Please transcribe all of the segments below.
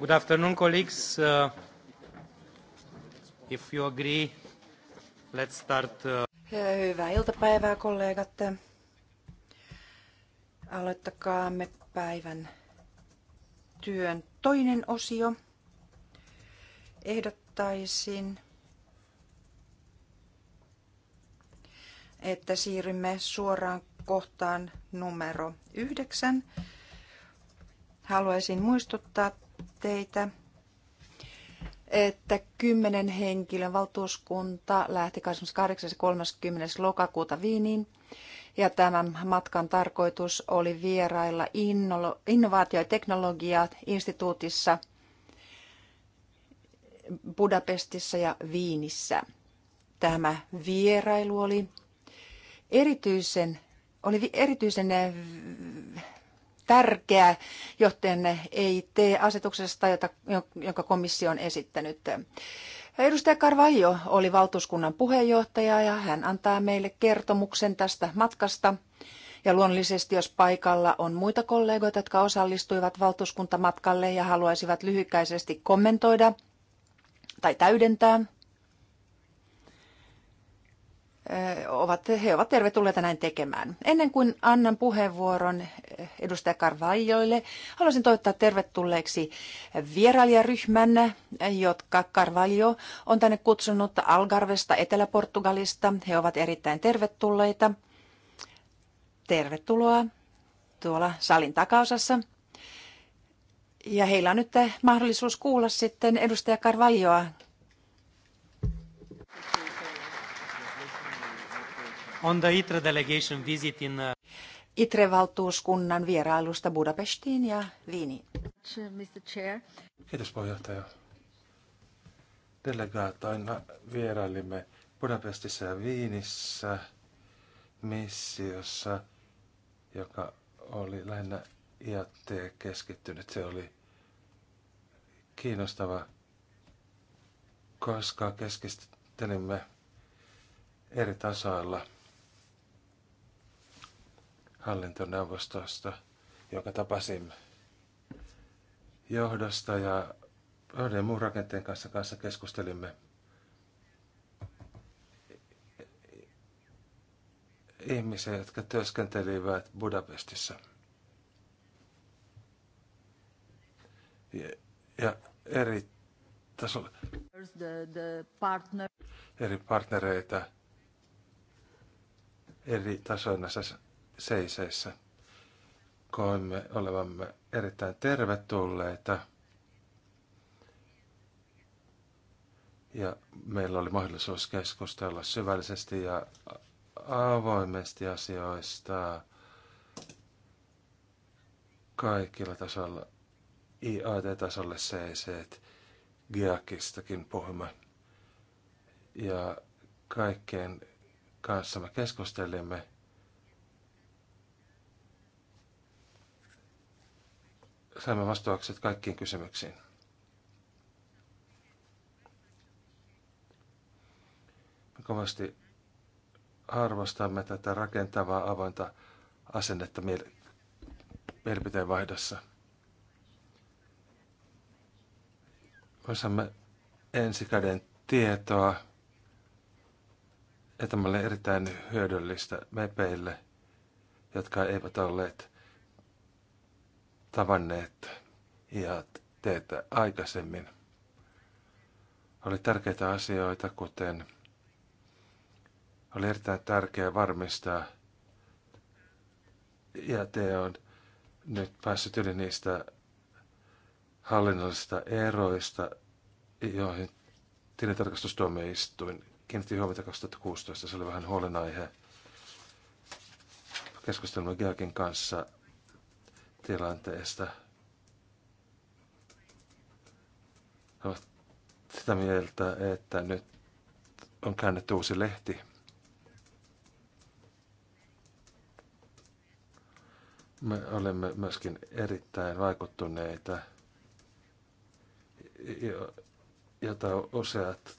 Good afternoon, colleagues. Uh, if you agree, let's start. Uh... Hyvää iltapäivää, kollegat. Aloittakaamme päivän työn toinen osio. Ehdottaisin, että siirrymme suoraan kohtaan numero yhdeksän. Haluaisin muistuttaa teitä, että kymmenen henkilön valtuuskunta lähti 28.30. lokakuuta Viiniin. Ja tämän matkan tarkoitus oli vierailla innovaatio- ja teknologia-instituutissa Budapestissa ja Viinissä. Tämä vierailu oli erityisen, oli erityisen tärkeä, joten ei tee asetuksesta, jota, jonka komissio on esittänyt. Edustaja Carvalho oli valtuuskunnan puheenjohtaja ja hän antaa meille kertomuksen tästä matkasta. Ja luonnollisesti, jos paikalla on muita kollegoita, jotka osallistuivat valtuuskuntamatkalle ja haluaisivat lyhykäisesti kommentoida tai täydentää ovat, he ovat tervetulleita näin tekemään. Ennen kuin annan puheenvuoron edustaja Karvaijoille, haluaisin toivottaa tervetulleeksi vierailijaryhmän, jotka Karvaijo on tänne kutsunut Algarvesta, Etelä-Portugalista. He ovat erittäin tervetulleita. Tervetuloa tuolla salin takaosassa. Ja heillä on nyt mahdollisuus kuulla sitten edustaja Karvaijoa on the ITRE delegation visit in uh, ITRE-valtuuskunnan vierailusta Budapestiin ja Viiniin. Mr. Chair. Kiitos puheenjohtaja. Delegaatoina vierailimme Budapestissa ja Viinissä missiossa, joka oli lähinnä IAT keskittynyt. Se oli kiinnostava, koska keskittelimme eri tasoilla – hallintoneuvostosta, joka tapasimme johdosta ja yhden muun rakenteen kanssa, kanssa keskustelimme ihmisiä, jotka työskentelivät Budapestissa. Ja, ja eri tasolla. The, the partner. Eri partnereita eri tasoina siis seiseissä. Koemme olevamme erittäin tervetulleita. Ja meillä oli mahdollisuus keskustella syvällisesti ja avoimesti asioista kaikilla tasolla, IAT-tasolle seiseet, GIAKistakin puhumme. Ja kaikkeen kanssa me keskustelimme saimme vastaukset kaikkiin kysymyksiin. Me kovasti arvostamme tätä rakentavaa avointa asennetta miel- mielipiteen vaihdossa. Osaamme ensikäden tietoa ja tämä oli erittäin hyödyllistä mepeille, jotka eivät olleet tavanneet ja teitä aikaisemmin. Oli tärkeitä asioita, kuten oli erittäin tärkeää varmistaa, ja te on nyt päässyt yli niistä hallinnollisista eroista, joihin tilintarkastustuomioistuin kiinnitti huomiota 2016. Se oli vähän huolenaihe. Keskustelimme Geakin kanssa tilanteesta. He ovat sitä mieltä, että nyt on käännetty uusi lehti. Me olemme myöskin erittäin vaikuttuneita, jota useat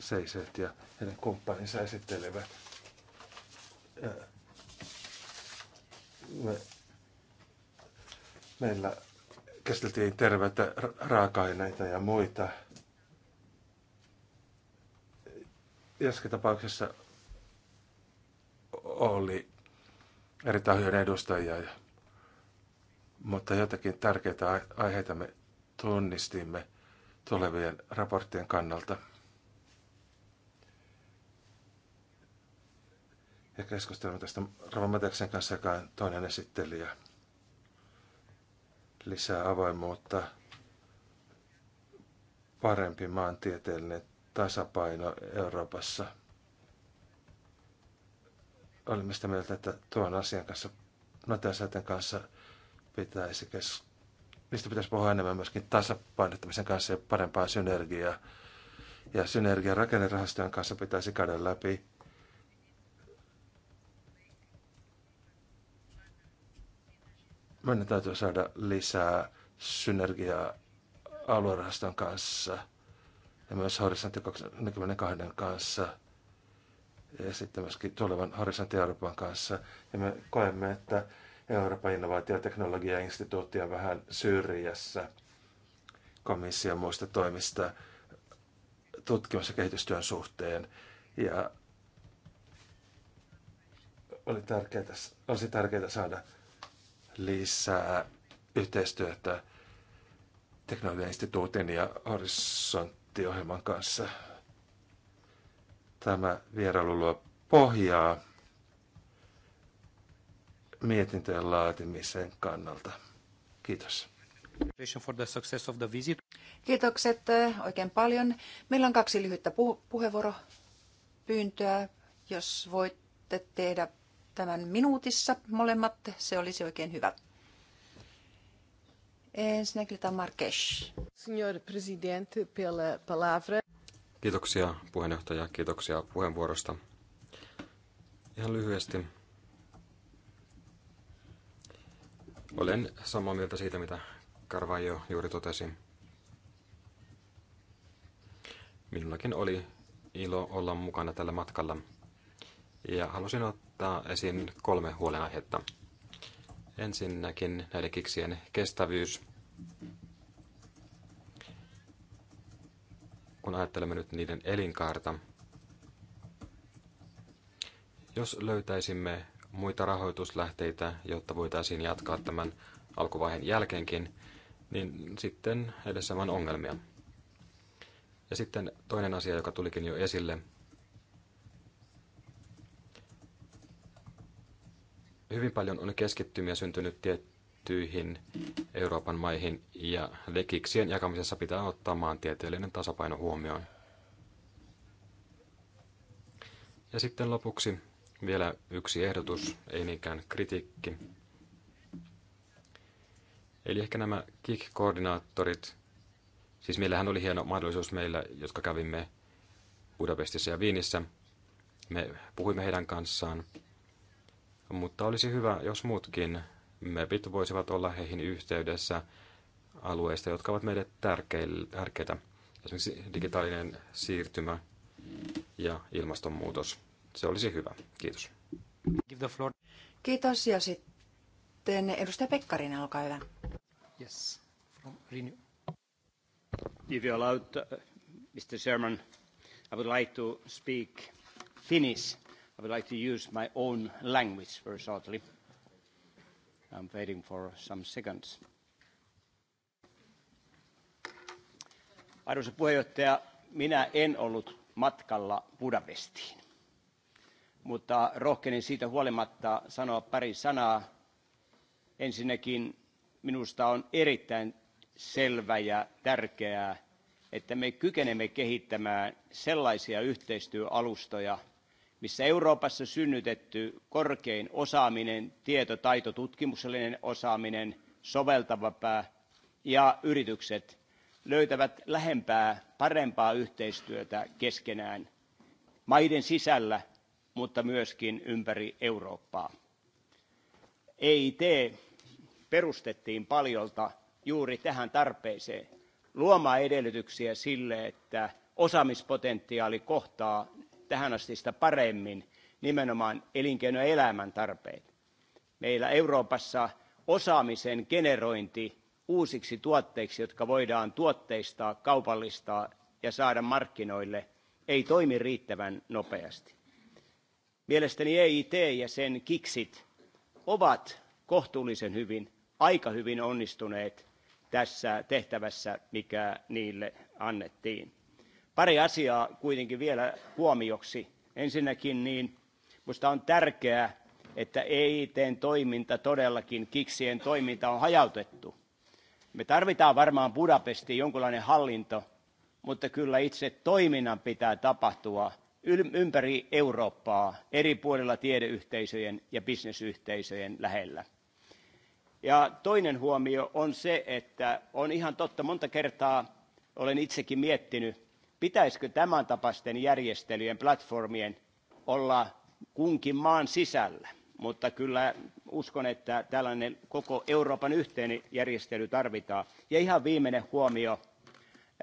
seiset ja heidän kumppaninsa esittelevät. Me Meillä käsiteltiin terveitä raaka-aineita ja muita. Jossakin tapauksessa oli eri tahojen edustajia, mutta jotakin tärkeitä aiheita me tunnistimme tulevien raporttien kannalta. Ja keskustelemme tästä Rova Mateksen kanssa, joka on toinen esittelijä lisää avoimuutta, parempi maantieteellinen tasapaino Euroopassa. Olimme sitä mieltä, että tuon asian kanssa, noteasaten kanssa pitäisi kes... niistä pitäisi puhua enemmän myöskin tasapainottamisen kanssa ja parempaa synergiaa. Ja synergia rakennerahastojen kanssa pitäisi käydä läpi Meidän täytyy saada lisää synergiaa aluerahaston kanssa ja myös horisontti 22 kanssa ja sitten myöskin tulevan horisontti Euroopan kanssa. Ja me koemme, että Euroopan innovaatio- ja teknologiainstituutti on vähän syrjässä komission muista toimista tutkimus- ja kehitystyön suhteen. Ja oli tärkeää, olisi tärkeää saada lisää yhteistyötä teknologian instituutin ja horisonttiohjelman kanssa. Tämä vierailu luo pohjaa mietintöjen laatimisen kannalta. Kiitos. for the the of visit. Kiitokset oikein paljon. Meillä on kaksi lyhyttä puh- puheenvuoropyyntöä. Jos voitte tehdä tämän minuutissa molemmat. Se olisi oikein hyvä. Ensinnäkin tämä Marques. Signor Presidente, pela palavra. Kiitoksia puheenjohtaja, kiitoksia puheenvuorosta. Ihan lyhyesti. Olen samaa mieltä siitä, mitä Carvajo juuri totesi. Minullakin oli ilo olla mukana tällä matkalla. Ja halusin ottaa ottaa esiin kolme huolenaihetta. Ensinnäkin näiden kiksien kestävyys. Kun ajattelemme nyt niiden elinkaarta, jos löytäisimme muita rahoituslähteitä, jotta voitaisiin jatkaa tämän alkuvaiheen jälkeenkin, niin sitten edessä on ongelmia. Ja sitten toinen asia, joka tulikin jo esille – Hyvin paljon on keskittymiä syntynyt tiettyihin Euroopan maihin ja lekiksien jakamisessa pitää ottaa maantieteellinen tasapaino huomioon. Ja sitten lopuksi vielä yksi ehdotus, ei niinkään kritiikki. Eli ehkä nämä KIK-koordinaattorit, siis meillähän oli hieno mahdollisuus meillä, jotka kävimme Budapestissa ja Viinissä. Me puhuimme heidän kanssaan mutta olisi hyvä, jos muutkin MEPit voisivat olla heihin yhteydessä alueista, jotka ovat meille tärkeitä. Esimerkiksi digitaalinen siirtymä ja ilmastonmuutos. Se olisi hyvä. Kiitos. Kiitos ja sitten edustaja Pekkarinen, olkaa hyvä. Yes, from Renew. If you uh, Mr. Chairman, I would like to speak Finnish. I would like to use my own language very shortly. I'm waiting for some seconds. Arvoisa puheenjohtaja, minä en ollut matkalla Budapestiin, mutta rohkenen siitä huolimatta sanoa pari sanaa. Ensinnäkin minusta on erittäin selvä ja tärkeää, että me kykenemme kehittämään sellaisia yhteistyöalustoja – missä Euroopassa synnytetty korkein osaaminen, tietotaito, tutkimuksellinen osaaminen, soveltava pää ja yritykset löytävät lähempää, parempaa yhteistyötä keskenään maiden sisällä, mutta myöskin ympäri Eurooppaa. EIT perustettiin paljolta juuri tähän tarpeeseen luomaan edellytyksiä sille, että osaamispotentiaali kohtaa tähän paremmin nimenomaan elinkeinoelämän tarpeet. Meillä Euroopassa osaamisen generointi uusiksi tuotteiksi, jotka voidaan tuotteistaa, kaupallistaa ja saada markkinoille, ei toimi riittävän nopeasti. Mielestäni EIT ja sen kiksit ovat kohtuullisen hyvin, aika hyvin onnistuneet tässä tehtävässä, mikä niille annettiin. Pari asiaa kuitenkin vielä huomioksi. Ensinnäkin niin minusta on tärkeää, että EITn toiminta todellakin, kiksien toiminta on hajautettu. Me tarvitaan varmaan Budapestiin jonkinlainen hallinto, mutta kyllä itse toiminnan pitää tapahtua ympäri Eurooppaa eri puolilla tiedeyhteisöjen ja bisnesyhteisöjen lähellä. Ja toinen huomio on se, että on ihan totta, monta kertaa olen itsekin miettinyt, pitäisikö tämän tapaisten järjestelyjen, platformien olla kunkin maan sisällä? Mutta kyllä uskon, että tällainen koko Euroopan yhteinen järjestely tarvitaan. Ja ihan viimeinen huomio.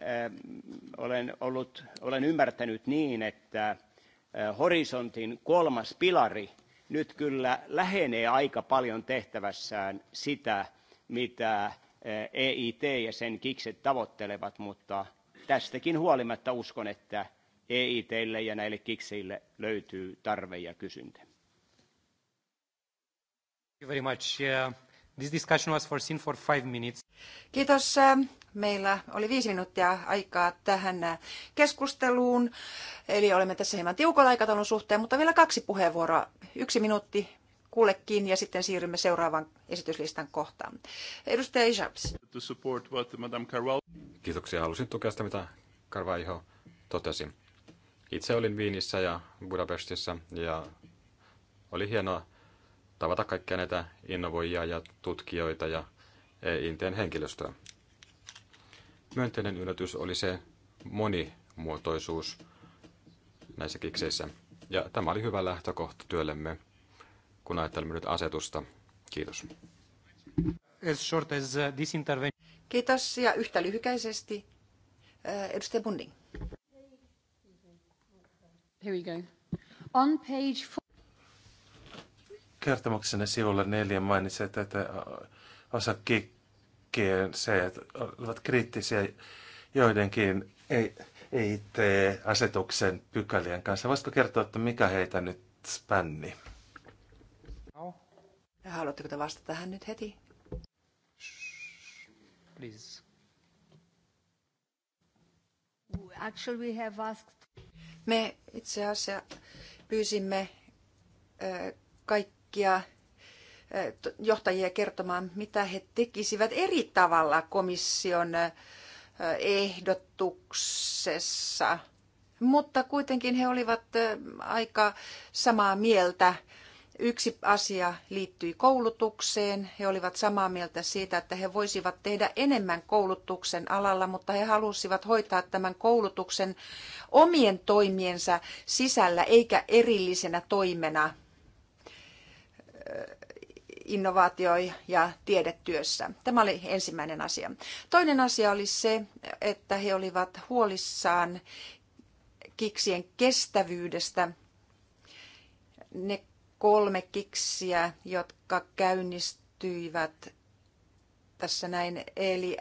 Äh, olen, ollut, olen ymmärtänyt niin, että äh, horisontin kolmas pilari nyt kyllä lähenee aika paljon tehtävässään sitä, mitä äh, EIT ja sen kikset tavoittelevat, mutta tästäkin huolimatta uskon, että EITlle ja näille kikseille löytyy tarve ja kysyntä. Uh, Kiitos. Meillä oli viisi minuuttia aikaa tähän keskusteluun, eli olemme tässä hieman tiukalla aikataulun suhteen, mutta vielä kaksi puheenvuoroa. Yksi minuutti kullekin ja sitten siirrymme seuraavan esityslistan kohtaan. Edustaja Ishaps. Kiitoksia. Halusin tukea sitä, mitä Karvaiho totesi. Itse olin Viinissä ja Budapestissa ja oli hienoa tavata kaikkia näitä innovoijia ja tutkijoita ja e Intian henkilöstöä. Myönteinen yllätys oli se monimuotoisuus näissä kikseissä. Ja tämä oli hyvä lähtökohta työllemme kun ajattelemme nyt asetusta. Kiitos. Eh, Kiitos ja yhtä lyhykäisesti eh, edustaja Bunding. Here we go. On page four. Kertomuksenne sivulla neljä mainitsee tätä eh, kikkien se, että ovat kriittisiä joidenkin ei, ei tee asetuksen pykälien kanssa. Voisitko kertoa, että mikä heitä nyt spänni? Haluatteko te vastata tähän nyt heti? Please. Actually we have asked... Me itse asiassa pyysimme kaikkia johtajia kertomaan, mitä he tekisivät eri tavalla komission ehdotuksessa. Mutta kuitenkin he olivat aika samaa mieltä Yksi asia liittyi koulutukseen. He olivat samaa mieltä siitä, että he voisivat tehdä enemmän koulutuksen alalla, mutta he halusivat hoitaa tämän koulutuksen omien toimiensa sisällä eikä erillisenä toimena eh, innovaatio- ja tiedetyössä. Tämä oli ensimmäinen asia. Toinen asia oli se, että he olivat huolissaan kiksien kestävyydestä. Ne kolme kiksiä, jotka käynnistyivät tässä näin. Eli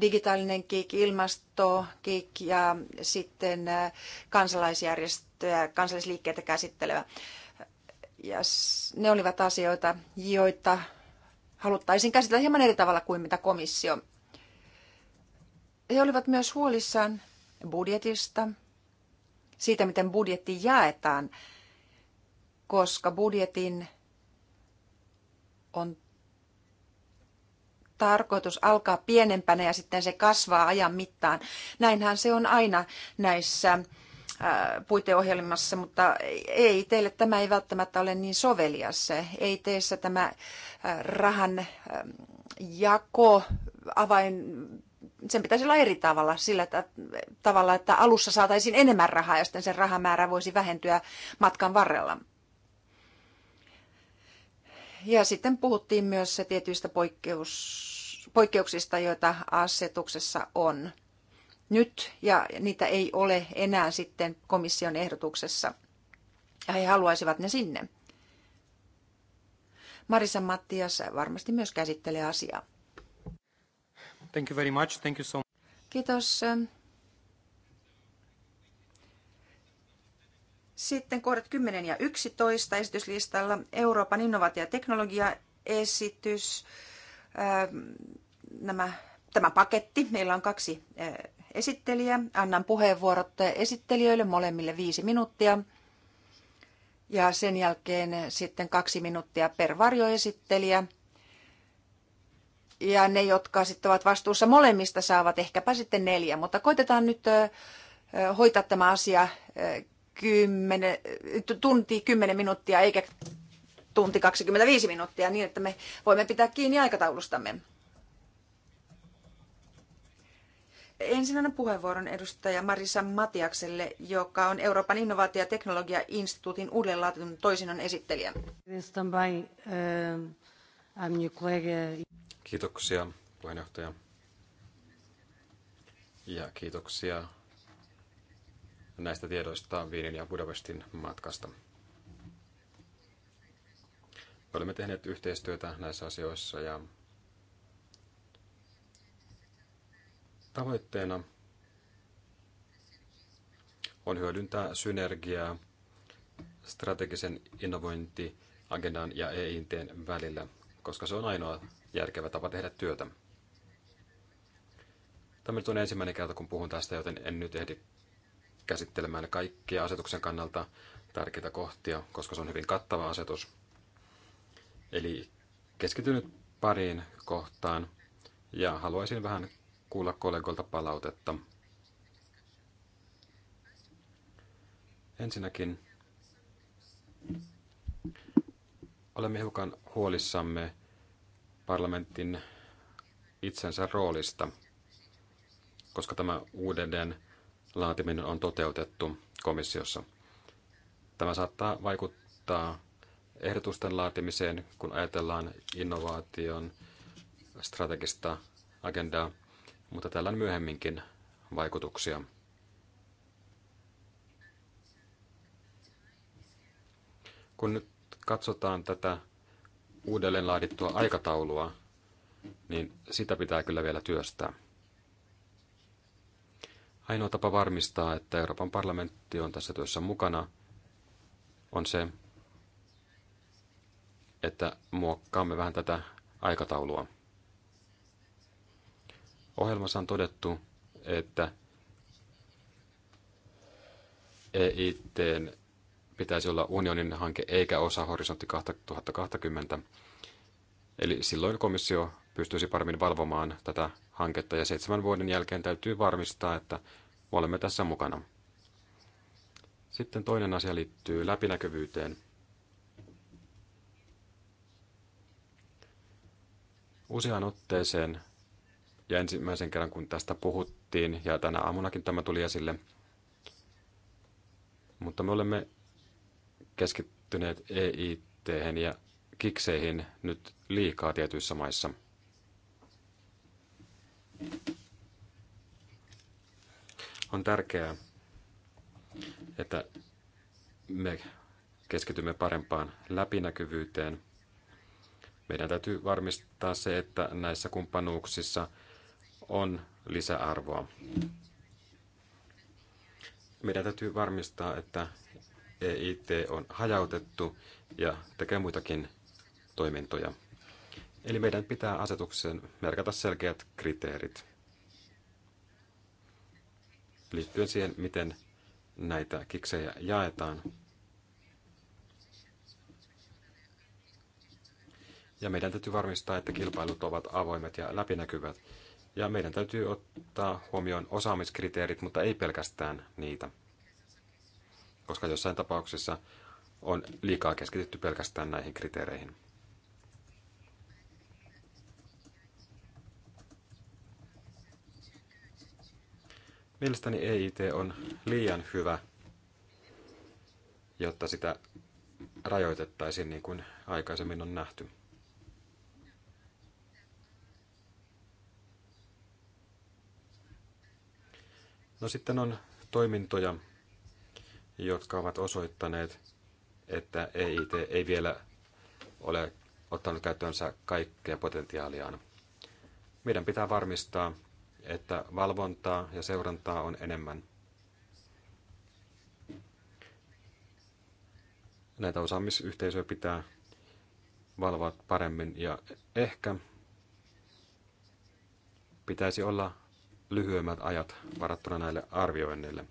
digitaalinen kiik, ilmasto kiik ja sitten äh, kansalaisjärjestöjä, kansallisliikkeitä käsittelevä. Ja ne olivat asioita, joita haluttaisiin käsitellä hieman eri tavalla kuin mitä komissio. He olivat myös huolissaan budjetista, siitä miten budjetti jaetaan koska budjetin on tarkoitus alkaa pienempänä ja sitten se kasvaa ajan mittaan. Näinhän se on aina näissä äh, puiteohjelmassa, mutta ei teille tämä ei välttämättä ole niin sovelias. Ei teissä tämä äh, rahan ähm, jako avain sen pitäisi olla eri tavalla, sillä että, tavalla, että alussa saataisiin enemmän rahaa ja sitten sen rahamäärä voisi vähentyä matkan varrella. Ja sitten puhuttiin myös tietyistä poikkeus, poikkeuksista, joita asetuksessa on nyt, ja niitä ei ole enää sitten komission ehdotuksessa. Ja he haluaisivat ne sinne. Marisa Mattias varmasti myös käsittelee asiaa. Thank you very much. Thank you so much. Kiitos. Sitten kohdat 10 ja 11 esityslistalla Euroopan innovaatio- ja teknologiaesitys. Ähm, nämä, tämä paketti. Meillä on kaksi äh, esittelijää. Annan puheenvuorot esittelijöille molemmille viisi minuuttia. Ja sen jälkeen sitten kaksi minuuttia per varjoesittelijä. Ja ne, jotka sitten ovat vastuussa molemmista, saavat ehkäpä sitten neljä. Mutta koitetaan nyt äh, hoitaa tämä asia äh, tunti 10 minuuttia eikä tunti 25 minuuttia niin, että me voimme pitää kiinni aikataulustamme. Ensimmäinen puheenvuoron edustaja Marisa Matiakselle, joka on Euroopan innovaatio- ja teknologiainstituutin uudelleenlaatinnon toisinnon esittelijä. Kiitoksia puheenjohtaja. Ja kiitoksia näistä tiedoista Viinin ja Budapestin matkasta. Me olemme tehneet yhteistyötä näissä asioissa ja tavoitteena on hyödyntää synergiaa strategisen innovointiagendan ja EITn välillä, koska se on ainoa järkevä tapa tehdä työtä. Tämä on ensimmäinen kerta, kun puhun tästä, joten en nyt ehdi käsittelemään kaikkia asetuksen kannalta tärkeitä kohtia, koska se on hyvin kattava asetus. Eli keskityn nyt pariin kohtaan ja haluaisin vähän kuulla kollegoilta palautetta. Ensinnäkin olemme hiukan huolissamme parlamentin itsensä roolista, koska tämä uudelleen laatiminen on toteutettu komissiossa. Tämä saattaa vaikuttaa ehdotusten laatimiseen, kun ajatellaan innovaation strategista agendaa, mutta tällä on myöhemminkin vaikutuksia. Kun nyt katsotaan tätä uudelleen laadittua aikataulua, niin sitä pitää kyllä vielä työstää. Ainoa tapa varmistaa, että Euroopan parlamentti on tässä työssä mukana, on se, että muokkaamme vähän tätä aikataulua. Ohjelmassa on todettu, että EIT pitäisi olla unionin hanke eikä osa horisontti 2020. Eli silloin komissio pystyisi paremmin valvomaan tätä hanketta ja seitsemän vuoden jälkeen täytyy varmistaa, että olemme tässä mukana. Sitten toinen asia liittyy läpinäkyvyyteen. Useaan otteeseen ja ensimmäisen kerran kun tästä puhuttiin ja tänä aamunakin tämä tuli esille, mutta me olemme keskittyneet EIT ja kikseihin nyt liikaa tietyissä maissa. On tärkeää, että me keskitymme parempaan läpinäkyvyyteen. Meidän täytyy varmistaa se, että näissä kumppanuuksissa on lisäarvoa. Meidän täytyy varmistaa, että EIT on hajautettu ja tekee muitakin toimintoja. Eli meidän pitää asetukseen merkata selkeät kriteerit liittyen siihen, miten näitä kiksejä jaetaan. Ja meidän täytyy varmistaa, että kilpailut ovat avoimet ja läpinäkyvät. Ja meidän täytyy ottaa huomioon osaamiskriteerit, mutta ei pelkästään niitä. Koska jossain tapauksessa on liikaa keskitytty pelkästään näihin kriteereihin. Mielestäni EIT on liian hyvä, jotta sitä rajoitettaisiin niin kuin aikaisemmin on nähty. No sitten on toimintoja, jotka ovat osoittaneet, että EIT ei vielä ole ottanut käyttöönsä kaikkea potentiaaliaan. Meidän pitää varmistaa, että valvontaa ja seurantaa on enemmän. Näitä osaamisyhteisöjä pitää valvoa paremmin ja ehkä pitäisi olla lyhyemmät ajat varattuna näille arvioinneille,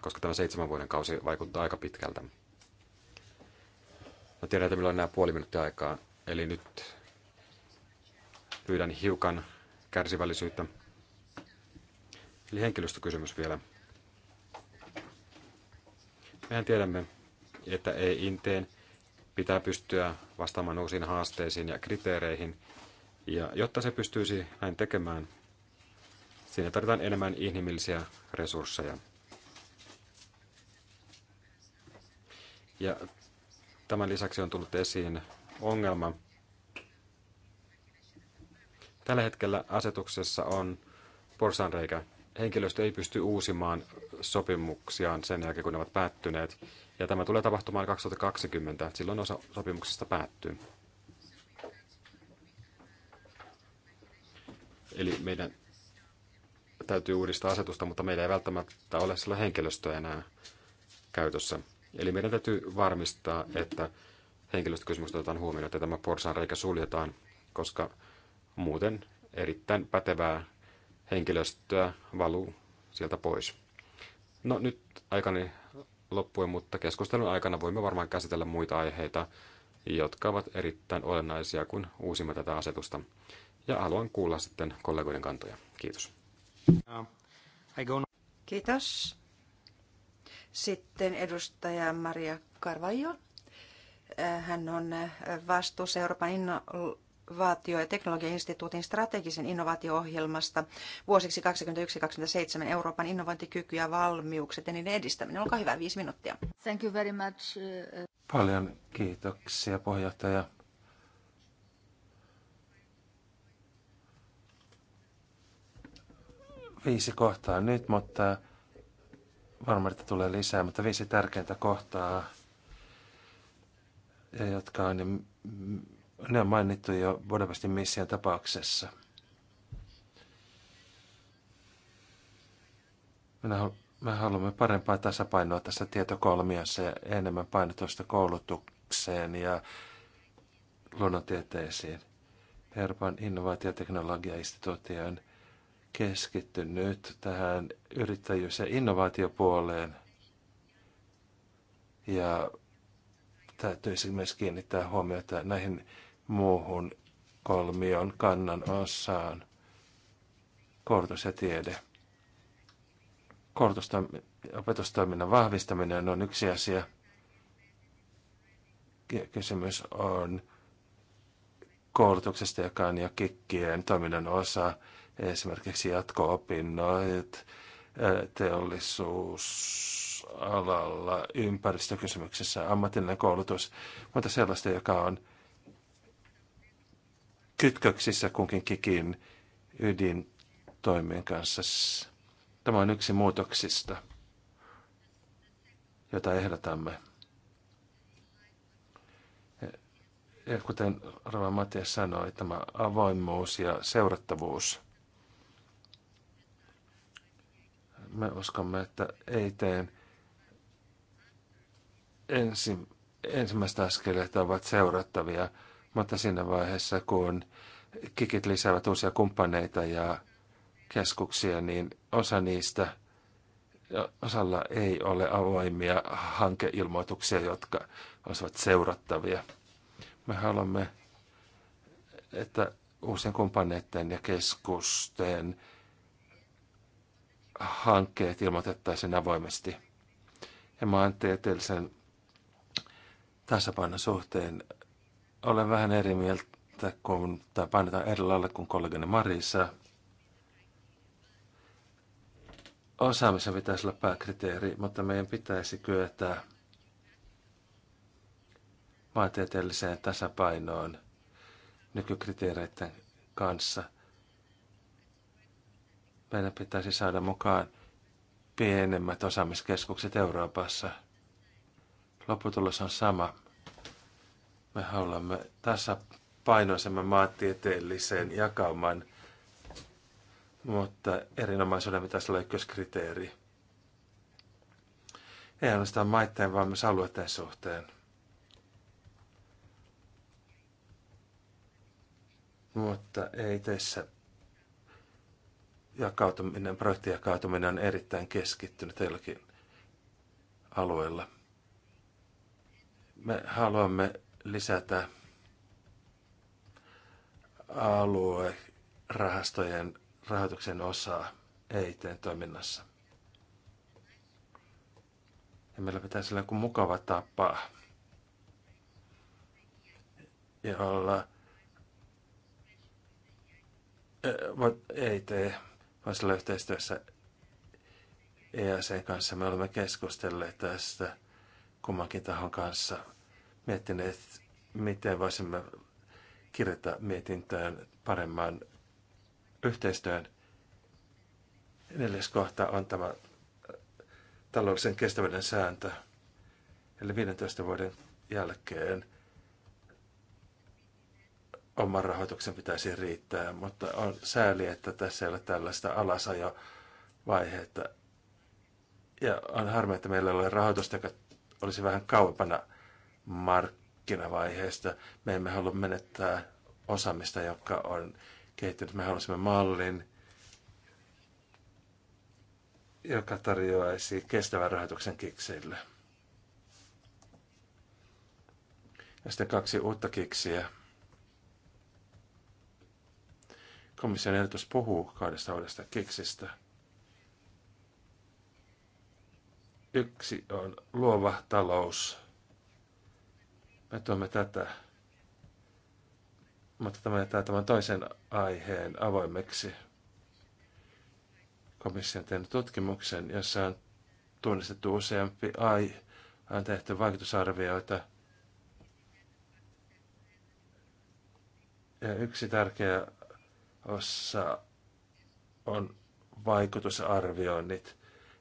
koska tämä seitsemän vuoden kausi vaikuttaa aika pitkältä. No tiedän, että meillä on nämä puoli minuuttia aikaa, eli nyt pyydän hiukan kärsivällisyyttä. Eli henkilöstökysymys vielä. Mehän tiedämme, että EINTeen pitää pystyä vastaamaan uusiin haasteisiin ja kriteereihin. Ja jotta se pystyisi näin tekemään, siinä tarvitaan enemmän inhimillisiä resursseja. Ja tämän lisäksi on tullut esiin ongelma. Tällä hetkellä asetuksessa on porsanreikä henkilöstö ei pysty uusimaan sopimuksiaan sen jälkeen, kun ne ovat päättyneet. Ja tämä tulee tapahtumaan 2020, silloin osa sopimuksista päättyy. Eli meidän täytyy uudistaa asetusta, mutta meillä ei välttämättä ole sillä henkilöstöä enää käytössä. Eli meidän täytyy varmistaa, että henkilöstökysymykset otetaan huomioon, että tämä porsan reikä suljetaan, koska muuten erittäin pätevää henkilöstöä valuu sieltä pois. No nyt aikani loppui, mutta keskustelun aikana voimme varmaan käsitellä muita aiheita, jotka ovat erittäin olennaisia, kun uusimme tätä asetusta. Ja haluan kuulla sitten kollegoiden kantoja. Kiitos. Uh, Kiitos. Sitten edustaja Maria Carvalho. Äh, hän on äh, vastuussa Euroopan innovaatio- ja teknologiainstituutin strategisen innovaatio-ohjelmasta vuosiksi 2021-2027 Euroopan innovointikyky ja valmiukset ja niiden edistäminen. Olkaa hyvä, viisi minuuttia. Thank you very much. Uh, uh. Paljon kiitoksia, puheenjohtaja. Viisi kohtaa nyt, mutta varmaan, että tulee lisää, mutta viisi tärkeintä kohtaa, jotka on niin ne on mainittu jo Budapestin mission tapauksessa. Minä, me haluamme parempaa tasapainoa tässä tietokolmiossa ja enemmän painotusta koulutukseen ja luonnontieteisiin. Euroopan innovaatioteknologiainstituutti on keskittynyt tähän yrittäjyys- ja innovaatiopuoleen. Ja täytyisi myös kiinnittää huomiota näihin muuhun kolmion kannan osaan koulutus ja tiede. Koulutusta opetustoiminnan vahvistaminen on yksi asia. Kysymys on koulutuksesta, joka on jo kikkien toiminnan osa, esimerkiksi jatko-opinnot, teollisuusalalla, ympäristökysymyksessä, ammatillinen koulutus, mutta sellaista, joka on kytköksissä kunkin kikin toimien kanssa. Tämä on yksi muutoksista, jota ehdotamme. Ja kuten Rava Matias sanoi, tämä avoimuus ja seurattavuus. Me uskomme, että ei teen ensi, ensimmäistä askeleita ovat seurattavia mutta siinä vaiheessa, kun kikit lisäävät uusia kumppaneita ja keskuksia, niin osa niistä, osalla ei ole avoimia hankeilmoituksia, jotka olisivat seurattavia. Me haluamme, että uusien kumppaneiden ja keskusten hankkeet ilmoitettaisiin avoimesti. Ja maantieteellisen tasapainon suhteen olen vähän eri mieltä, kun tämä painetaan eri lailla kuin kollegani Marisa. Osaamisen pitäisi olla pääkriteeri, mutta meidän pitäisi kyetä maantieteelliseen tasapainoon nykykriteereiden kanssa. Meidän pitäisi saada mukaan pienemmät osaamiskeskukset Euroopassa. Lopputulos on sama – me haluamme tässä painoisemman maantieteellisen jakauman, mutta erinomaisuuden pitäisi olla ykköskriteeri. Ei ainoastaan maitteen, vaan myös alueiden suhteen. Mutta ei tässä jakautuminen, projektijakautuminen on erittäin keskittynyt jollakin alueella. Me haluamme lisätä aluerahastojen rahoituksen osaa eit toiminnassa. Ja meillä pitäisi olla joku mukava tapa, jolla ei voisi olla yhteistyössä EAC kanssa. Me olemme keskustelleet tästä kummankin tahon kanssa – miettineet, miten voisimme kirjata mietintään paremman yhteistyön. Neljäs kohta on tämä taloudellisen kestävyyden sääntö. Eli 15 vuoden jälkeen oman rahoituksen pitäisi riittää, mutta on sääli, että tässä ei ole tällaista alasajovaihetta. Ja on harmi, että meillä ei ole rahoitusta, joka olisi vähän kauempana markkinavaiheesta. Me emme halua menettää osaamista, joka on kehittynyt. Me halusimme mallin, joka tarjoaisi kestävän rahoituksen kikseille. Ja sitten kaksi uutta kiksiä. Komission ehdotus puhuu kahdesta uudesta kiksistä. Yksi on luova talous. Me tuomme tätä. Mutta tämä jättää tämän toisen aiheen avoimeksi. Komissio on tehnyt tutkimuksen, jossa on tunnistettu useampi ai, on tehty vaikutusarvioita. Ja yksi tärkeä osa on vaikutusarvioinnit.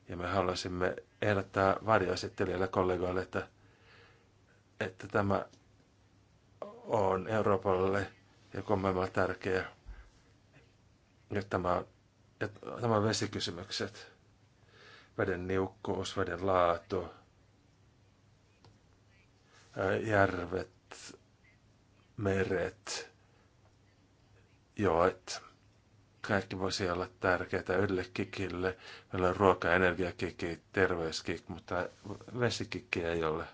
Ja me haluaisimme ehdottaa varjoesittelijöille kollegoille, että että tämä on Euroopalle ja kommemalla tärkeä. Ja tämä, ja tämä vesikysymykset, veden niukkuus, veden laatu, järvet, meret, joet. Kaikki voisi olla tärkeitä yhdelle kikille. Meillä on ruoka, energiakikki, terveyskikki, mutta vesikikki ei ole.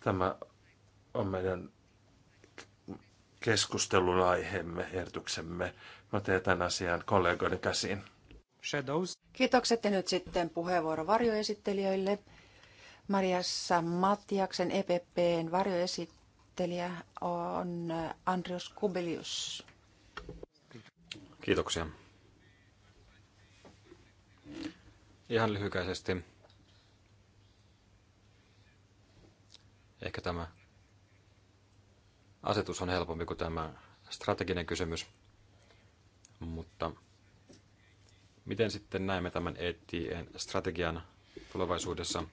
Tämä on meidän keskustelun aiheemme, ehdotuksemme. Mä teen tämän asian kollegoiden käsiin. Shadows. Kiitokset ja nyt sitten puheenvuoro varjoesittelijöille. Mariassa Mattiaksen EPPn varjoesittelijä on Andrius Kubelius. Kiitoksia. Ihan lyhykäisesti Ehkä tämä asetus on helpompi kuin tämä strateginen kysymys, mutta miten sitten näemme tämän ETN-strategian tulevaisuudessa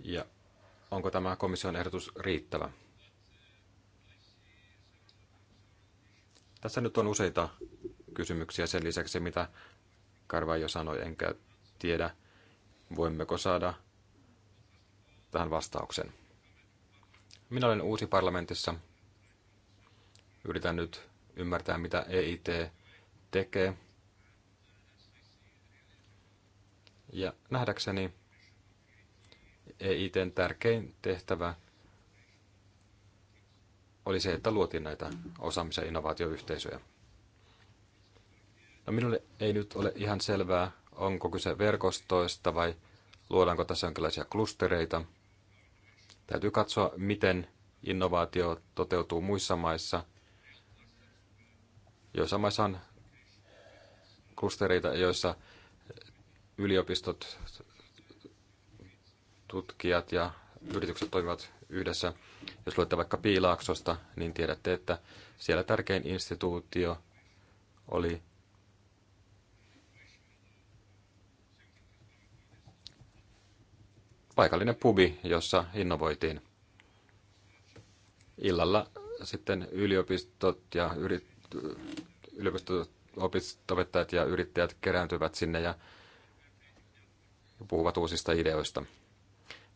ja onko tämä komission ehdotus riittävä? Tässä nyt on useita kysymyksiä sen lisäksi, mitä Karva jo sanoi, enkä tiedä, voimmeko saada tähän vastauksen. Minä olen uusi parlamentissa. Yritän nyt ymmärtää, mitä EIT tekee. Ja nähdäkseni EITn tärkein tehtävä oli se, että luotiin näitä osaamis- ja innovaatioyhteisöjä. No minulle ei nyt ole ihan selvää, onko kyse verkostoista vai luodaanko tässä jonkinlaisia klustereita – Täytyy katsoa, miten innovaatio toteutuu muissa maissa. Joissa maissa on klustereita, joissa yliopistot, tutkijat ja yritykset toimivat yhdessä. Jos luette vaikka Piilaaksosta, niin tiedätte, että siellä tärkein instituutio oli paikallinen pubi, jossa innovoitiin. Illalla sitten yliopistot ja yrit, yliopistot, ja yrittäjät kerääntyvät sinne ja puhuvat uusista ideoista.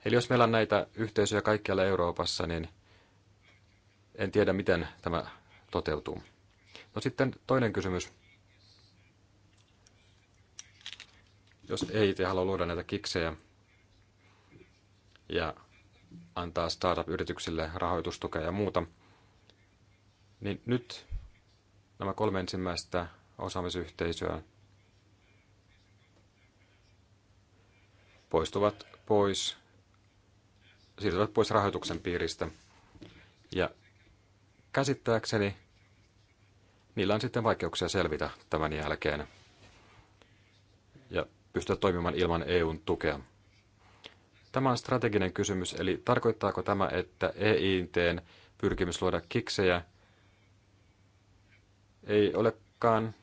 Eli jos meillä on näitä yhteisöjä kaikkialla Euroopassa, niin en tiedä, miten tämä toteutuu. No sitten toinen kysymys. Jos ei te halua luoda näitä kiksejä, ja antaa startup-yrityksille rahoitustukea ja muuta. Niin nyt nämä kolme ensimmäistä osaamisyhteisöä poistuvat pois, siirtyvät pois rahoituksen piiristä. Ja käsittääkseni niillä on sitten vaikeuksia selvitä tämän jälkeen ja pystyä toimimaan ilman EUn tukea. Tämä on strateginen kysymys, eli tarkoittaako tämä, että EITn pyrkimys luoda kiksejä ei olekaan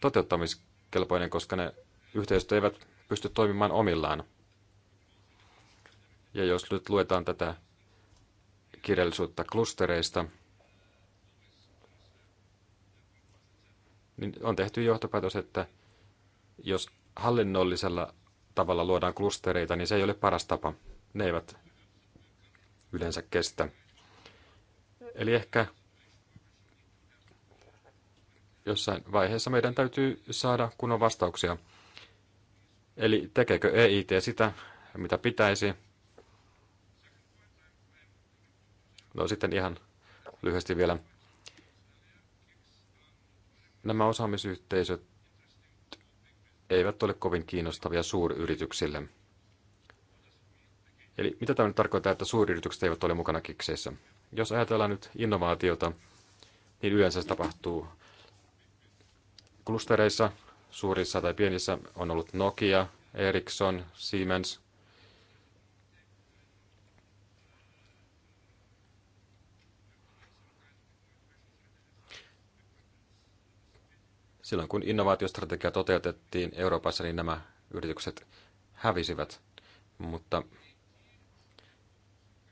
toteuttamiskelpoinen, koska ne yhteisöt eivät pysty toimimaan omillaan. Ja jos nyt luetaan tätä kirjallisuutta klustereista, niin on tehty johtopäätös, että jos hallinnollisella tavalla luodaan klustereita, niin se ei ole paras tapa. Ne eivät yleensä kestä. Eli ehkä jossain vaiheessa meidän täytyy saada kunnon vastauksia. Eli tekeekö EIT sitä, mitä pitäisi? No sitten ihan lyhyesti vielä. Nämä osaamisyhteisöt eivät ole kovin kiinnostavia suuryrityksille. Eli mitä tämä nyt tarkoittaa, että suuryritykset eivät ole mukana kikseissä? Jos ajatellaan nyt innovaatiota, niin yleensä se tapahtuu klustereissa, suurissa tai pienissä on ollut Nokia, Ericsson, Siemens – Silloin kun innovaatiostrategia toteutettiin Euroopassa, niin nämä yritykset hävisivät, mutta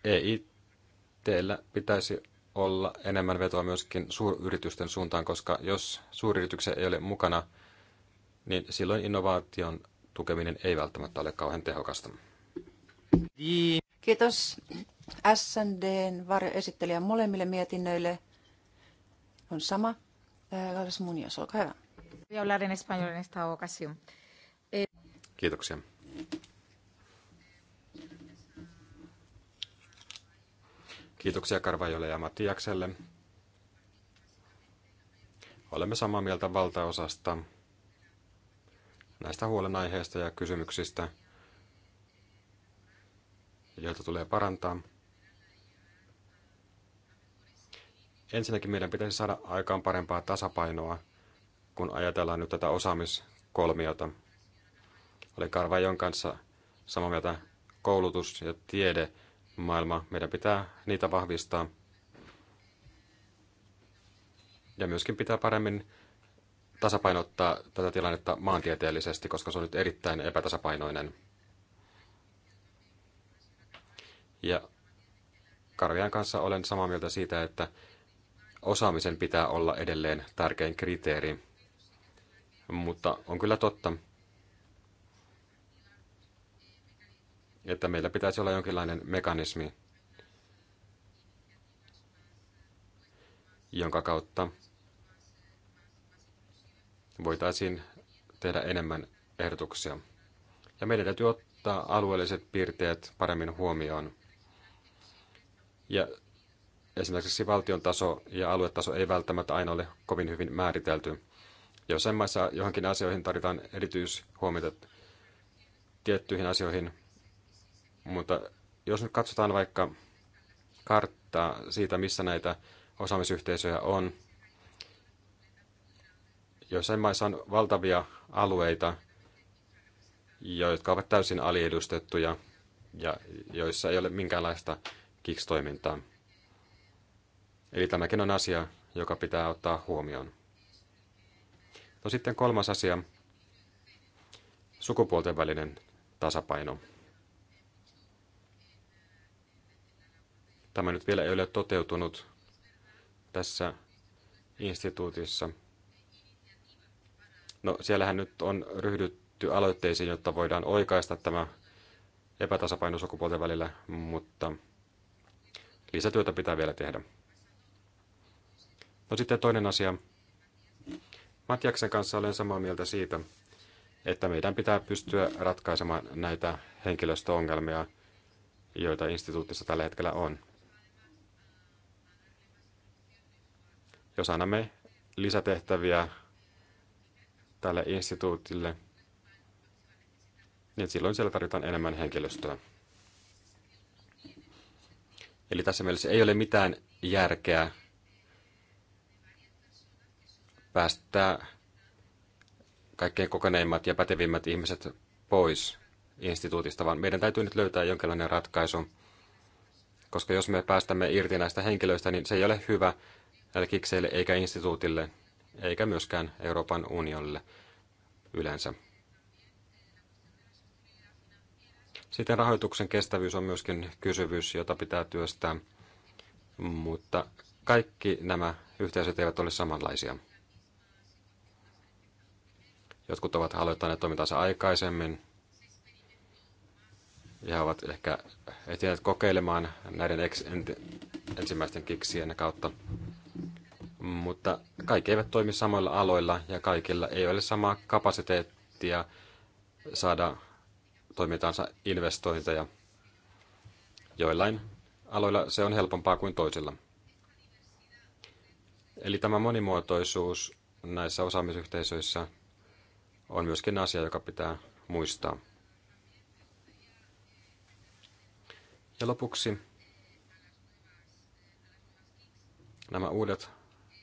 EITllä pitäisi olla enemmän vetoa myöskin suuryritysten suuntaan, koska jos suuryrityksiä ei ole mukana, niin silloin innovaation tukeminen ei välttämättä ole kauhean tehokasta. Kiitos SNDn varjoesittelijän molemmille mietinnöille. On sama. Lars Munias, olkaa hyvä. Voy a hablar en español en esta ocasión. Eh, Kiitoksia. Kiitoksia Karvajolle ja Mattiakselle. Olemme samaa mieltä valtaosasta näistä huolenaiheista ja kysymyksistä, joita tulee parantaa. Ensinnäkin meidän pitäisi saada aikaan parempaa tasapainoa kun ajatellaan nyt tätä osaamiskolmiota. Olen Karvajon kanssa samaa mieltä koulutus ja tiede maailma. Meidän pitää niitä vahvistaa. Ja myöskin pitää paremmin tasapainottaa tätä tilannetta maantieteellisesti, koska se on nyt erittäin epätasapainoinen. Ja Karvian kanssa olen samaa mieltä siitä, että osaamisen pitää olla edelleen tärkein kriteeri. Mutta on kyllä totta, että meillä pitäisi olla jonkinlainen mekanismi, jonka kautta voitaisiin tehdä enemmän ehdotuksia. Ja meidän täytyy ottaa alueelliset piirteet paremmin huomioon. Ja esimerkiksi valtion taso ja aluetaso ei välttämättä aina ole kovin hyvin määritelty. Jossain maissa johonkin asioihin tarvitaan erityishuomiota tiettyihin asioihin, mutta jos nyt katsotaan vaikka karttaa siitä, missä näitä osaamisyhteisöjä on, joissain maissa on valtavia alueita, jotka ovat täysin aliedustettuja ja joissa ei ole minkäänlaista kiks-toimintaa. Eli tämäkin on asia, joka pitää ottaa huomioon. No sitten kolmas asia, sukupuolten välinen tasapaino. Tämä nyt vielä ei ole toteutunut tässä instituutissa. No siellähän nyt on ryhdytty aloitteisiin, jotta voidaan oikaista tämä epätasapaino sukupuolten välillä, mutta lisätyötä pitää vielä tehdä. No sitten toinen asia, Matjaksen kanssa olen samaa mieltä siitä, että meidän pitää pystyä ratkaisemaan näitä henkilöstöongelmia, joita instituutissa tällä hetkellä on. Jos annamme lisätehtäviä tälle instituutille, niin silloin siellä tarvitaan enemmän henkilöstöä. Eli tässä mielessä ei ole mitään järkeä päästää kaikkein kokeneimmat ja pätevimmät ihmiset pois instituutista, vaan meidän täytyy nyt löytää jonkinlainen ratkaisu, koska jos me päästämme irti näistä henkilöistä, niin se ei ole hyvä näille kikseille eikä instituutille, eikä myöskään Euroopan unionille yleensä. Sitten rahoituksen kestävyys on myöskin kysyvyys, jota pitää työstää, mutta kaikki nämä yhteisöt eivät ole samanlaisia. Jotkut ovat aloittaneet toimintansa aikaisemmin. Ja ovat ehkä ehtineet kokeilemaan näiden ex- ensimmäisten kiksien kautta. Mutta kaikki eivät toimi samoilla aloilla ja kaikilla ei ole samaa kapasiteettia saada toimintaansa investointeja. Joillain aloilla se on helpompaa kuin toisilla. Eli tämä monimuotoisuus näissä osaamisyhteisöissä on myöskin asia, joka pitää muistaa. Ja lopuksi nämä uudet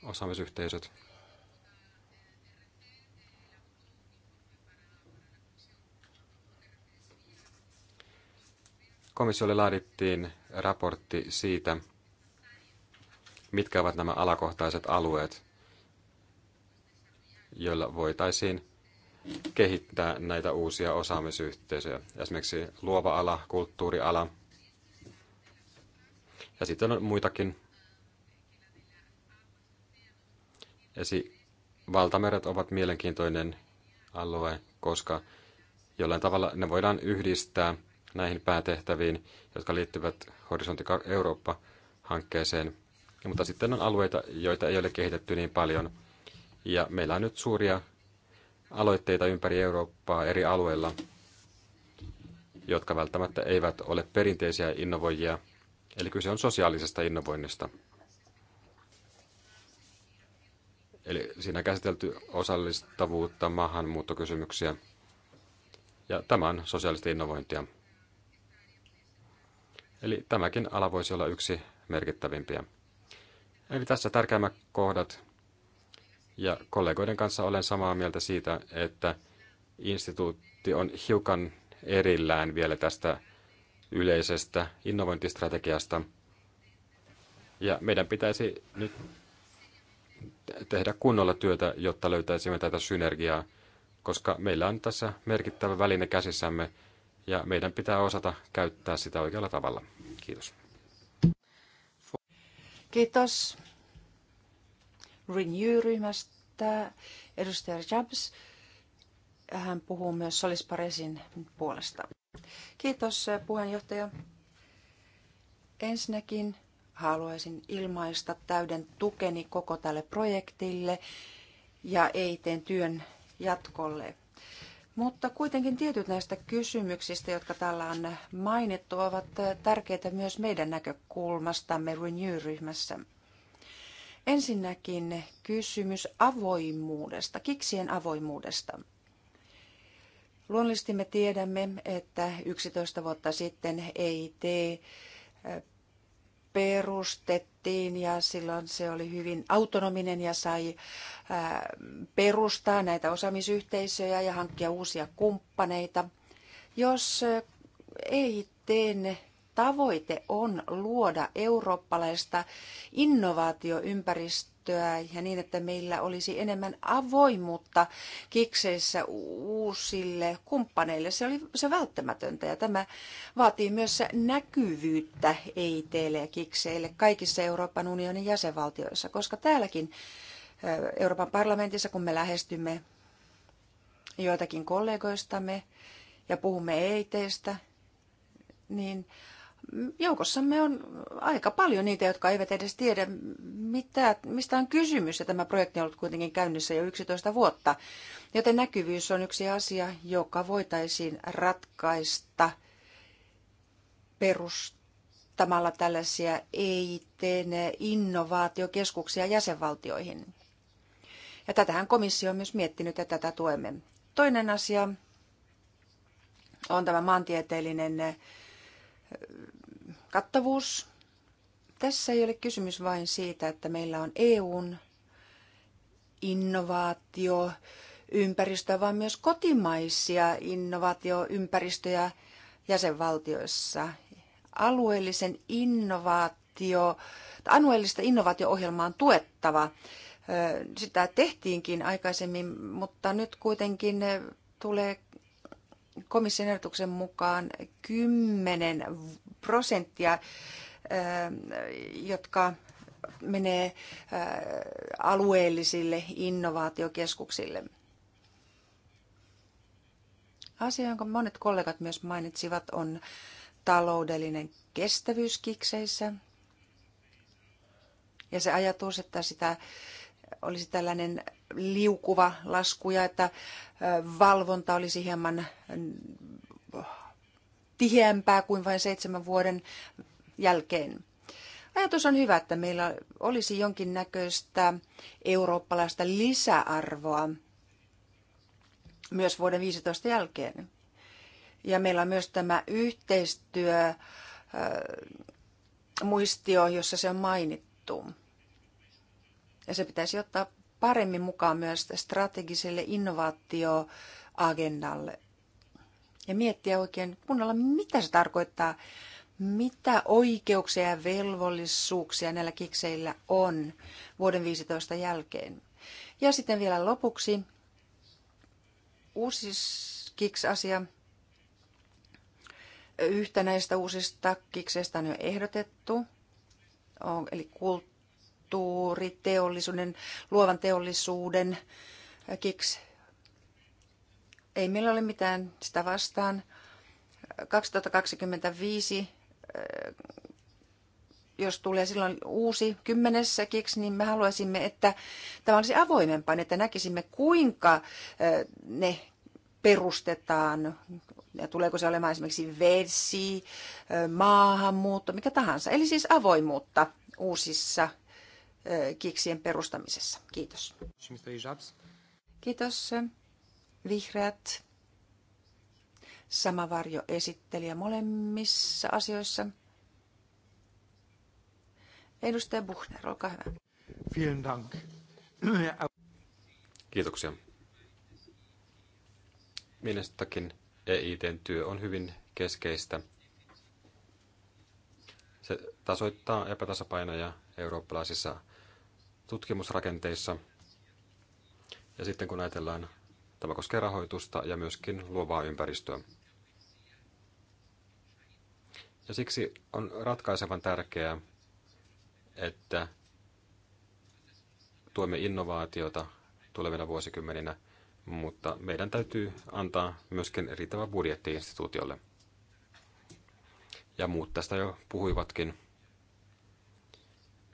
osaamisyhteisöt. Komissiolle laadittiin raportti siitä, mitkä ovat nämä alakohtaiset alueet, joilla voitaisiin kehittää näitä uusia osaamisyhteisöjä. Esimerkiksi luova ala, kulttuuriala ja sitten on muitakin. Esi valtameret ovat mielenkiintoinen alue, koska jollain tavalla ne voidaan yhdistää näihin päätehtäviin, jotka liittyvät Horisontti Eurooppa-hankkeeseen. Mutta sitten on alueita, joita ei ole kehitetty niin paljon. Ja meillä on nyt suuria aloitteita ympäri Eurooppaa eri alueilla, jotka välttämättä eivät ole perinteisiä innovoijia, eli kyse on sosiaalisesta innovoinnista. Eli siinä käsitelty osallistavuutta, maahanmuuttokysymyksiä. Ja tämä on sosiaalista innovointia. Eli tämäkin ala voisi olla yksi merkittävimpiä. Eli tässä tärkeimmät kohdat. Ja kollegoiden kanssa olen samaa mieltä siitä, että instituutti on hiukan erillään vielä tästä yleisestä innovointistrategiasta. Ja meidän pitäisi nyt tehdä kunnolla työtä, jotta löytäisimme tätä synergiaa, koska meillä on tässä merkittävä väline käsissämme ja meidän pitää osata käyttää sitä oikealla tavalla. Kiitos. Kiitos. Renew-ryhmästä edustaja Jabs. Hän puhuu myös Solisparesin puolesta. Kiitos eh, puheenjohtaja. Ensinnäkin haluaisin ilmaista täyden tukeni koko tälle projektille ja EITen työn jatkolle. Mutta kuitenkin tietyt näistä kysymyksistä, jotka täällä on mainittu, ovat eh, tärkeitä myös meidän näkökulmastamme Renew-ryhmässä. Ensinnäkin kysymys avoimuudesta, kiksien avoimuudesta. Luonnollisesti me tiedämme, että 11 vuotta sitten EIT eh, perustettiin ja silloin se oli hyvin autonominen ja sai eh, perustaa näitä osaamisyhteisöjä ja hankkia uusia kumppaneita. Jos EITn eh, e tavoite on luoda eurooppalaista innovaatioympäristöä ja niin, että meillä olisi enemmän avoimuutta kikseissä uusille kumppaneille. Se oli se välttämätöntä ja tämä vaatii myös näkyvyyttä EITlle ja kikseille kaikissa Euroopan unionin jäsenvaltioissa, koska täälläkin Euroopan parlamentissa, kun me lähestymme joitakin kollegoistamme ja puhumme EITstä, niin joukossamme on aika paljon niitä, jotka eivät edes tiedä, mitä, mistä on kysymys. Ja tämä projekti on ollut kuitenkin käynnissä jo 11 vuotta. Joten näkyvyys on yksi asia, joka voitaisiin ratkaista perustamalla tällaisia EIT-innovaatiokeskuksia jäsenvaltioihin. Ja tätähän komissio on myös miettinyt ja tätä tuemme. Toinen asia on tämä maantieteellinen Kattavuus. Tässä ei ole kysymys vain siitä, että meillä on EUn innovaatio, ympäristöä, vaan myös kotimaisia innovaatioympäristöjä jäsenvaltioissa. Alueellisen innovaatio, alueellista innovaatio-ohjelmaa on tuettava. Sitä tehtiinkin aikaisemmin, mutta nyt kuitenkin tulee komission ehdotuksen mukaan kymmenen prosenttia, äh, jotka menee äh, alueellisille innovaatiokeskuksille. Asia, jonka monet kollegat myös mainitsivat, on taloudellinen kestävyys kikseissä. Ja se ajatus, että sitä olisi tällainen liukuva lasku ja että äh, valvonta olisi hieman tiheämpää kuin vain seitsemän vuoden jälkeen. Ajatus on hyvä, että meillä olisi jonkinnäköistä eurooppalaista lisäarvoa myös vuoden 15 jälkeen. Ja meillä on myös tämä yhteistyö muistio, jossa se on mainittu. Ja se pitäisi ottaa paremmin mukaan myös strategiselle innovaatioagendalle ja miettiä oikein kunnolla, mitä se tarkoittaa, mitä oikeuksia ja velvollisuuksia näillä kikseillä on vuoden 15 jälkeen. Ja sitten vielä lopuksi uusi kiksasia Yhtä näistä uusista kikseistä on jo ehdotettu, eli kulttuuriteollisuuden luovan teollisuuden kiks ei meillä ole mitään sitä vastaan. 2025, eh, jos tulee silloin uusi kymmenessä kiksi, niin me haluaisimme, että tämä olisi avoimempaa, niin että näkisimme kuinka eh, ne perustetaan, ja tuleeko se olemaan esimerkiksi vesi, eh, maahanmuutto, mikä tahansa. Eli siis avoimuutta uusissa kiksien perustamisessa. Kiitos. Kiitos. Vihreät, sama varjo esittelijä molemmissa asioissa. Edustaja Buchner, olkaa hyvä. Vielen dank. Kiitoksia. Mielestäkin EITn työ on hyvin keskeistä. Se tasoittaa epätasapainoja eurooppalaisissa tutkimusrakenteissa. Ja sitten kun ajatellaan Tämä koskee rahoitusta ja myöskin luovaa ympäristöä. Ja siksi on ratkaisevan tärkeää, että tuemme innovaatiota tulevina vuosikymmeninä, mutta meidän täytyy antaa myöskin riittävä budjetti instituutiolle. Ja muut tästä jo puhuivatkin.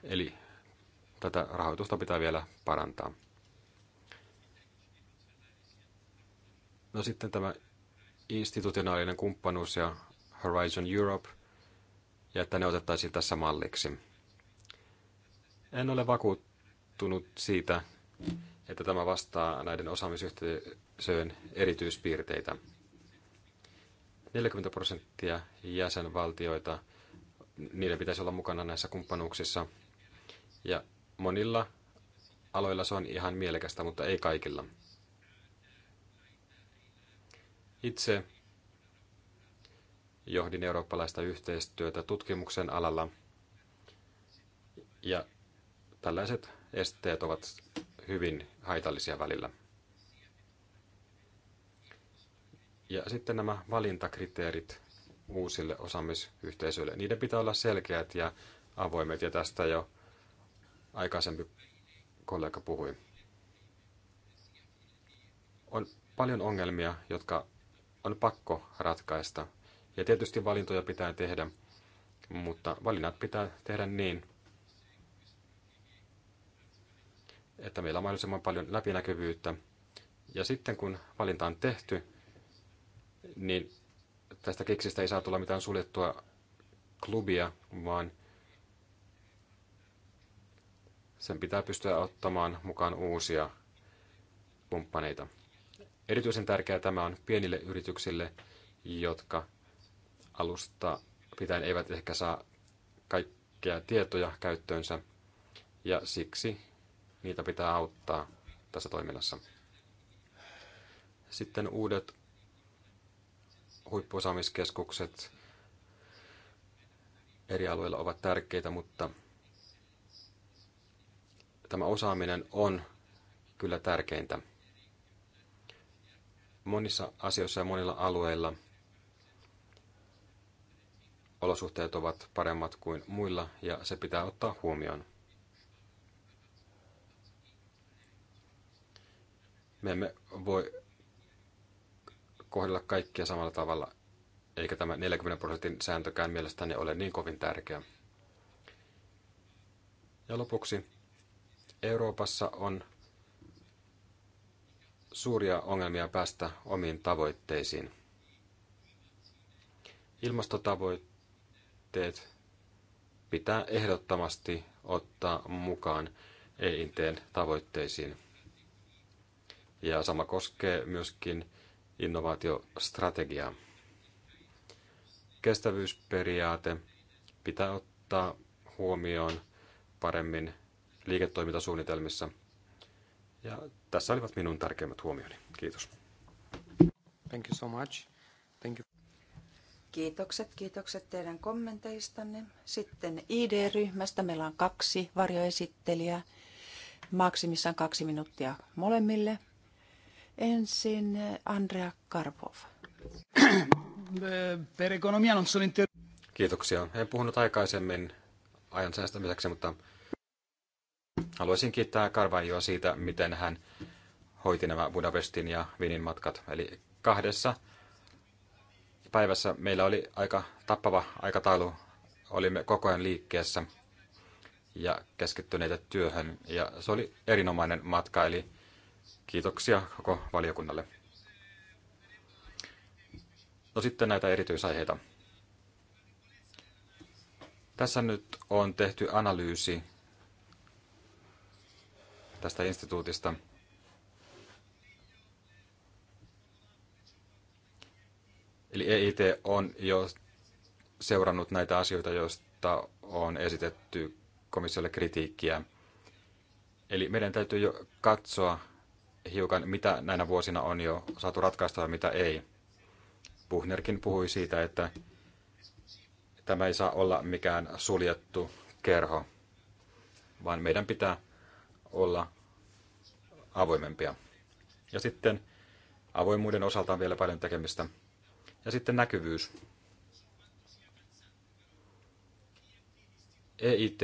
Eli tätä rahoitusta pitää vielä parantaa. No sitten tämä institutionaalinen kumppanuus ja Horizon Europe, ja että ne otettaisiin tässä malliksi. En ole vakuuttunut siitä, että tämä vastaa näiden osaamisyhteisöjen erityispiirteitä. 40 prosenttia jäsenvaltioita, niiden pitäisi olla mukana näissä kumppanuuksissa. Ja monilla aloilla se on ihan mielekästä, mutta ei kaikilla. Itse johdin eurooppalaista yhteistyötä tutkimuksen alalla ja tällaiset esteet ovat hyvin haitallisia välillä. Ja sitten nämä valintakriteerit uusille osaamisyhteisöille. Niiden pitää olla selkeät ja avoimet, ja tästä jo aikaisempi kollega puhui. On paljon ongelmia, jotka on pakko ratkaista. Ja tietysti valintoja pitää tehdä, mutta valinnat pitää tehdä niin, että meillä on mahdollisimman paljon läpinäkyvyyttä. Ja sitten kun valinta on tehty, niin tästä keksistä ei saa tulla mitään suljettua klubia, vaan sen pitää pystyä ottamaan mukaan uusia kumppaneita. Erityisen tärkeää tämä on pienille yrityksille, jotka alusta pitäen eivät ehkä saa kaikkea tietoja käyttöönsä, ja siksi niitä pitää auttaa tässä toiminnassa. Sitten uudet huippuosaamiskeskukset eri alueilla ovat tärkeitä, mutta tämä osaaminen on kyllä tärkeintä monissa asioissa ja monilla alueilla olosuhteet ovat paremmat kuin muilla ja se pitää ottaa huomioon. Me emme voi kohdella kaikkia samalla tavalla, eikä tämä 40 prosentin sääntökään mielestäni ole niin kovin tärkeä. Ja lopuksi Euroopassa on suuria ongelmia päästä omiin tavoitteisiin. Ilmastotavoitteet pitää ehdottomasti ottaa mukaan EITn tavoitteisiin. Ja sama koskee myöskin innovaatiostrategiaa. Kestävyysperiaate pitää ottaa huomioon paremmin liiketoimintasuunnitelmissa – ja tässä olivat minun tärkeimmät huomioni. Kiitos. Thank you so much. Thank you. Kiitokset, kiitokset teidän kommenteistanne. Sitten ID-ryhmästä meillä on kaksi varjoesittelijää, maksimissaan kaksi minuuttia molemmille. Ensin Andrea Karpov. per economia non sono inter... Kiitoksia. En puhunut aikaisemmin ajan säästämiseksi, mutta Haluaisin kiittää Karvajoa siitä, miten hän hoiti nämä Budapestin ja Vinin matkat. Eli kahdessa päivässä meillä oli aika tappava aikataulu. Olimme koko ajan liikkeessä ja keskittyneitä työhön. Ja se oli erinomainen matka, eli kiitoksia koko valiokunnalle. No sitten näitä erityisaiheita. Tässä nyt on tehty analyysi tästä instituutista. Eli EIT on jo seurannut näitä asioita, joista on esitetty komissiolle kritiikkiä. Eli meidän täytyy jo katsoa hiukan, mitä näinä vuosina on jo saatu ratkaista ja mitä ei. Buhnerkin puhui siitä, että tämä ei saa olla mikään suljettu kerho, vaan meidän pitää olla avoimempia. Ja sitten avoimuuden osalta on vielä paljon tekemistä. Ja sitten näkyvyys. EIT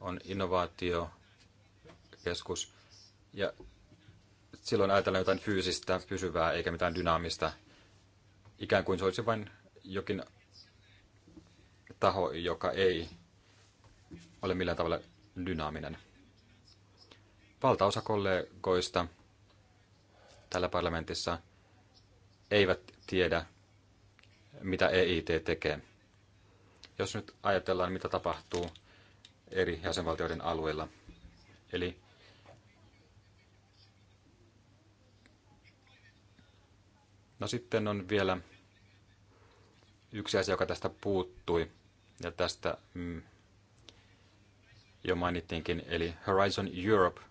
on innovaatiokeskus ja silloin ajatellaan jotain fyysistä, pysyvää eikä mitään dynaamista. Ikään kuin se olisi vain jokin taho, joka ei ole millään tavalla dynaaminen valtaosa kollegoista tällä parlamentissa eivät tiedä, mitä EIT tekee. Jos nyt ajatellaan, mitä tapahtuu eri jäsenvaltioiden alueilla. Eli No sitten on vielä yksi asia, joka tästä puuttui, ja tästä mm, jo mainittiinkin, eli Horizon Europe –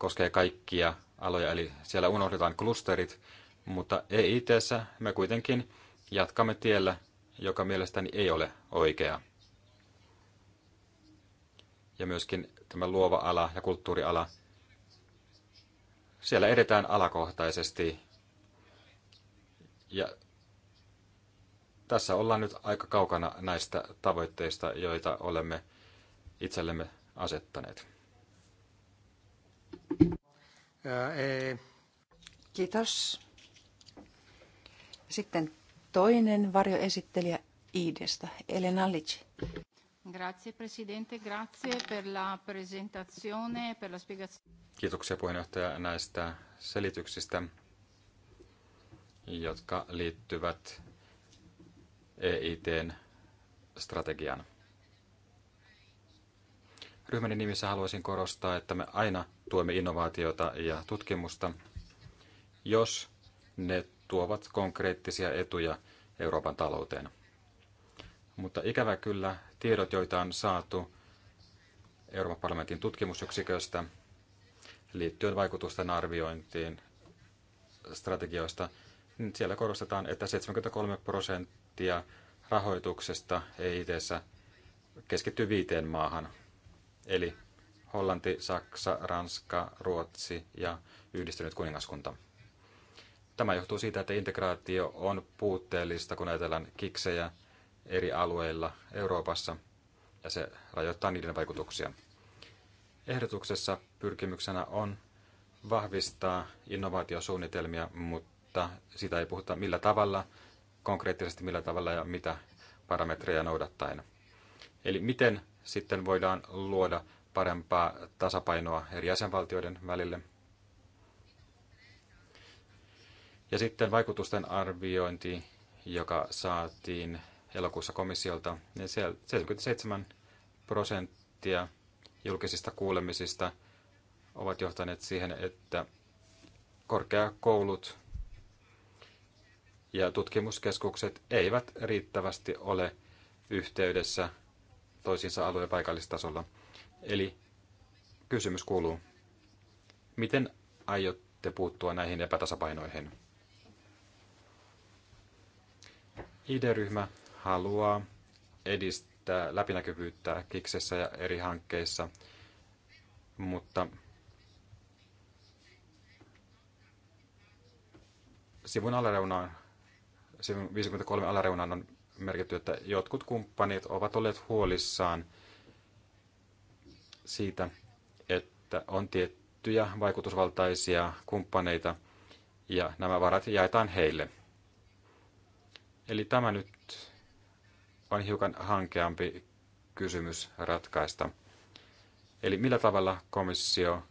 koskee kaikkia aloja, eli siellä unohdetaan klusterit, mutta e itse me kuitenkin jatkamme tiellä, joka mielestäni ei ole oikea. Ja myöskin tämä luova ala ja kulttuuriala, siellä edetään alakohtaisesti. Ja tässä ollaan nyt aika kaukana näistä tavoitteista, joita olemme itsellemme asettaneet. E. Kiitos. Sitten toinen varjoesittelijä Iidestä, Elena Lici. Grazie Presidente, grazie per la presentazione, per la spiegazione. Kiitoksia puheenjohtaja näistä selityksistä, jotka liittyvät EITn strategiaan. Ryhmäni nimissä haluaisin korostaa, että me aina – tuemme innovaatiota ja tutkimusta, jos ne tuovat konkreettisia etuja Euroopan talouteen. Mutta ikävä kyllä tiedot, joita on saatu Euroopan parlamentin tutkimusyksiköstä liittyen vaikutusten arviointiin strategioista, niin siellä korostetaan, että 73 prosenttia rahoituksesta EIT keskittyy viiteen maahan. Eli Hollanti, Saksa, Ranska, Ruotsi ja yhdistynyt kuningaskunta. Tämä johtuu siitä, että integraatio on puutteellista, kun ajatellaan kiksejä eri alueilla Euroopassa, ja se rajoittaa niiden vaikutuksia. Ehdotuksessa pyrkimyksenä on vahvistaa innovaatiosuunnitelmia, mutta sitä ei puhuta millä tavalla, konkreettisesti millä tavalla ja mitä parametreja noudattaen. Eli miten sitten voidaan luoda parempaa tasapainoa eri jäsenvaltioiden välille. Ja sitten vaikutusten arviointi, joka saatiin elokuussa komissiolta, niin 77 prosenttia julkisista kuulemisista ovat johtaneet siihen, että korkeakoulut ja tutkimuskeskukset eivät riittävästi ole yhteydessä toisiinsa alueen paikallistasolla. Eli kysymys kuuluu, miten aiotte puuttua näihin epätasapainoihin? ID-ryhmä haluaa edistää läpinäkyvyyttä Kiksessä ja eri hankkeissa, mutta sivun alareunaan, sivun 53 alareunaan on merkitty, että jotkut kumppanit ovat olleet huolissaan – siitä, että on tiettyjä vaikutusvaltaisia kumppaneita ja nämä varat jaetaan heille. Eli tämä nyt on hiukan hankeampi kysymys ratkaista. Eli millä tavalla komissio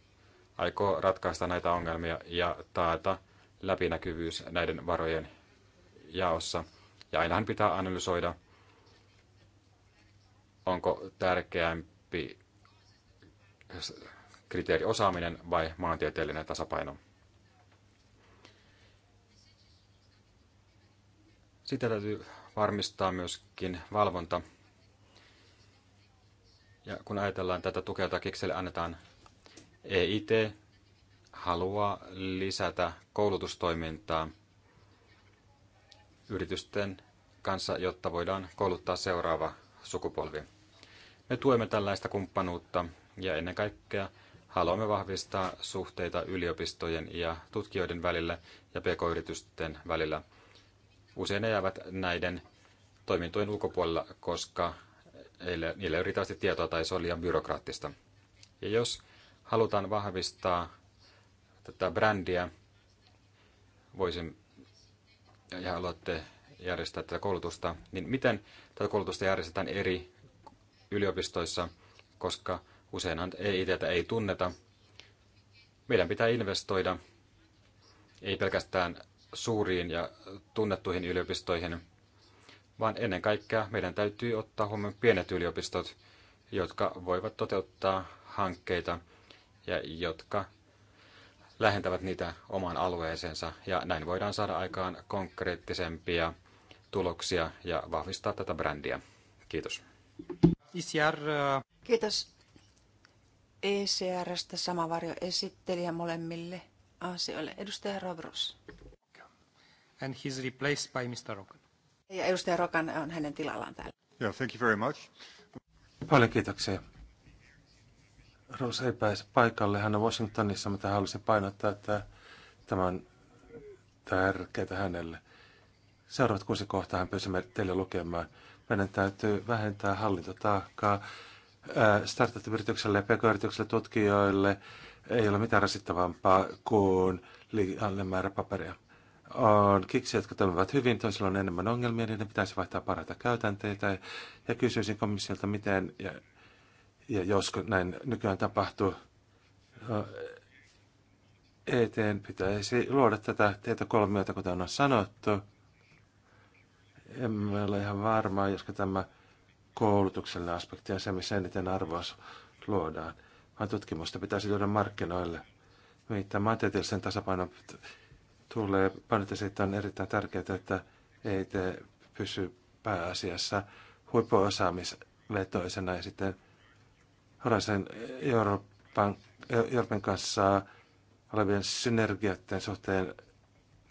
aikoo ratkaista näitä ongelmia ja taata läpinäkyvyys näiden varojen jaossa. Ja ainahan pitää analysoida, onko tärkeämpi kriteeri osaaminen vai maantieteellinen tasapaino. Sitä täytyy varmistaa myöskin valvonta. Ja kun ajatellaan tätä tukea, jota Kikselle annetaan, EIT haluaa lisätä koulutustoimintaa yritysten kanssa, jotta voidaan kouluttaa seuraava sukupolvi. Me tuemme tällaista kumppanuutta ja ennen kaikkea haluamme vahvistaa suhteita yliopistojen ja tutkijoiden välillä ja pk-yritysten välillä. Usein ne jäävät näiden toimintojen ulkopuolella, koska niillä ei ole tietoa tai se on liian byrokraattista. Ja jos halutaan vahvistaa tätä brändiä, voisin ja haluatte järjestää tätä koulutusta, niin miten tätä koulutusta järjestetään eri yliopistoissa, koska Useinhan EITtä ei tunneta. Meidän pitää investoida ei pelkästään suuriin ja tunnettuihin yliopistoihin, vaan ennen kaikkea meidän täytyy ottaa huomioon pienet yliopistot, jotka voivat toteuttaa hankkeita ja jotka lähentävät niitä omaan alueeseensa. Ja näin voidaan saada aikaan konkreettisempia tuloksia ja vahvistaa tätä brändiä. Kiitos. Kiitos. ECRstä sama varjo esittelijä molemmille asioille. Edustaja Rovros. And he's replaced by Mr. Rokan. Ja edustaja Rokan on hänen tilallaan täällä. Yeah, thank you very much. Paljon kiitoksia. Rose ei pääse paikalle. Hän on Washingtonissa, mutta hän halusi painottaa, että tämä on tärkeää hänelle. Seuraavat kuusi kohtaa hän pyysi teille lukemaan. Meidän täytyy vähentää hallintotaakkaa, Äh, startup-yritykselle ja pk-yritykselle tutkijoille ei ole mitään rasittavampaa kuin liiallinen määrä paperia. On kiksi, jotka toimivat hyvin, toisilla on enemmän ongelmia, niin ne pitäisi vaihtaa parhaita käytänteitä. Ja kysyisin komissiolta, miten ja, ja josko näin nykyään tapahtuu. Äh, Eteen pitäisi luoda tätä teitä kolmiota, kuten on sanottu. Emme ole ihan varmaa, josko tämä koulutukselle ja se, missä eniten arvoa luodaan, vaan tutkimusta pitäisi tuoda markkinoille. Mitä maantieteellisen tasapaino tulee panette siitä on erittäin tärkeää, että ei te pysy pääasiassa huippuosaamisvetoisena ja sitten Horaisen Euroopan, Euroopan kanssa olevien synergioiden suhteen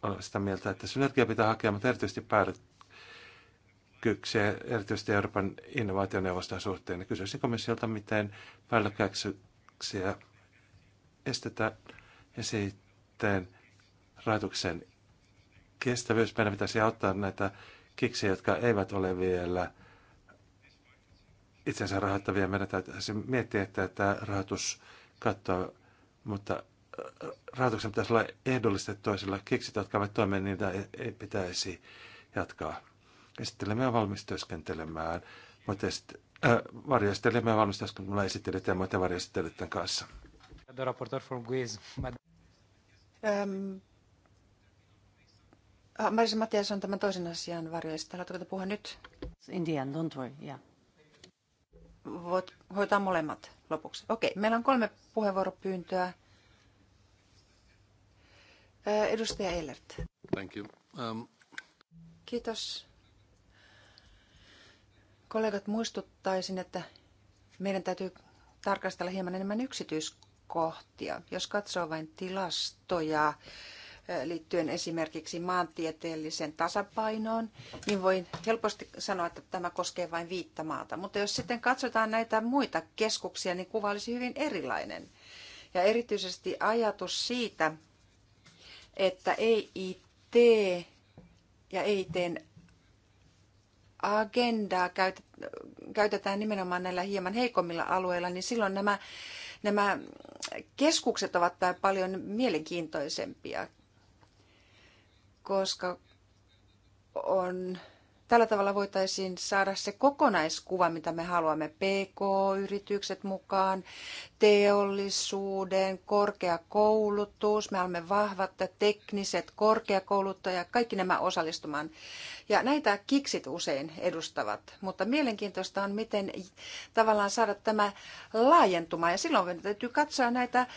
olen sitä mieltä, että synergia pitää hakea, mutta erityisesti päädyt kyksiä, erityisesti Euroopan innovaationeuvoston suhteen. Kysyisin komissiolta, miten päällekkäisyyksiä estetään ja sitten rahoituksen kestävyys. Meidän pitäisi auttaa näitä kiksiä, jotka eivät ole vielä itsensä rahoittavia. Meidän täytyisi miettiä, että tämä rahoitus katsoo, mutta äh, rahoituksen pitäisi olla ehdollistettua, toisilla kiksit, jotka ovat toimeen, niitä ei pitäisi jatkaa esittelemme ja valmistyöskentelemään, mutta est, äh, ja valmistyöskentelemään esittelijät ja muiden varjoesittelijöiden kanssa. The rapporteur from Guiz. Um, ähm, ah, Marisa Matias on tämän toisen asian varjoista. Haluatteko puhua nyt? In the end, don't worry, yeah. Voit hoitaa molemmat lopuksi. Okei, meillä on kolme puheenvuoropyyntöä. Äh, edustaja Eilert. Thank you. Um... Kiitos. Kollegat, muistuttaisin, että meidän täytyy tarkastella hieman enemmän yksityiskohtia. Jos katsoo vain tilastoja eh, liittyen esimerkiksi maantieteelliseen tasapainoon, niin voin helposti sanoa, että tämä koskee vain viittä maata. Mutta jos sitten katsotaan näitä muita keskuksia, niin kuva olisi hyvin erilainen. Ja erityisesti ajatus siitä, että EIT ja EITn agendaa käytetään nimenomaan näillä hieman heikommilla alueilla, niin silloin nämä, nämä keskukset ovat paljon mielenkiintoisempia, koska on Tällä tavalla voitaisiin saada se kokonaiskuva, mitä me haluamme. PK-yritykset mukaan, teollisuuden, korkeakoulutus, me haluamme vahvat tekniset korkeakouluttajat, kaikki nämä osallistumaan. Ja näitä kiksit usein edustavat, mutta mielenkiintoista on, miten tavallaan saada tämä laajentuma. Ja silloin meidän täytyy katsoa näitä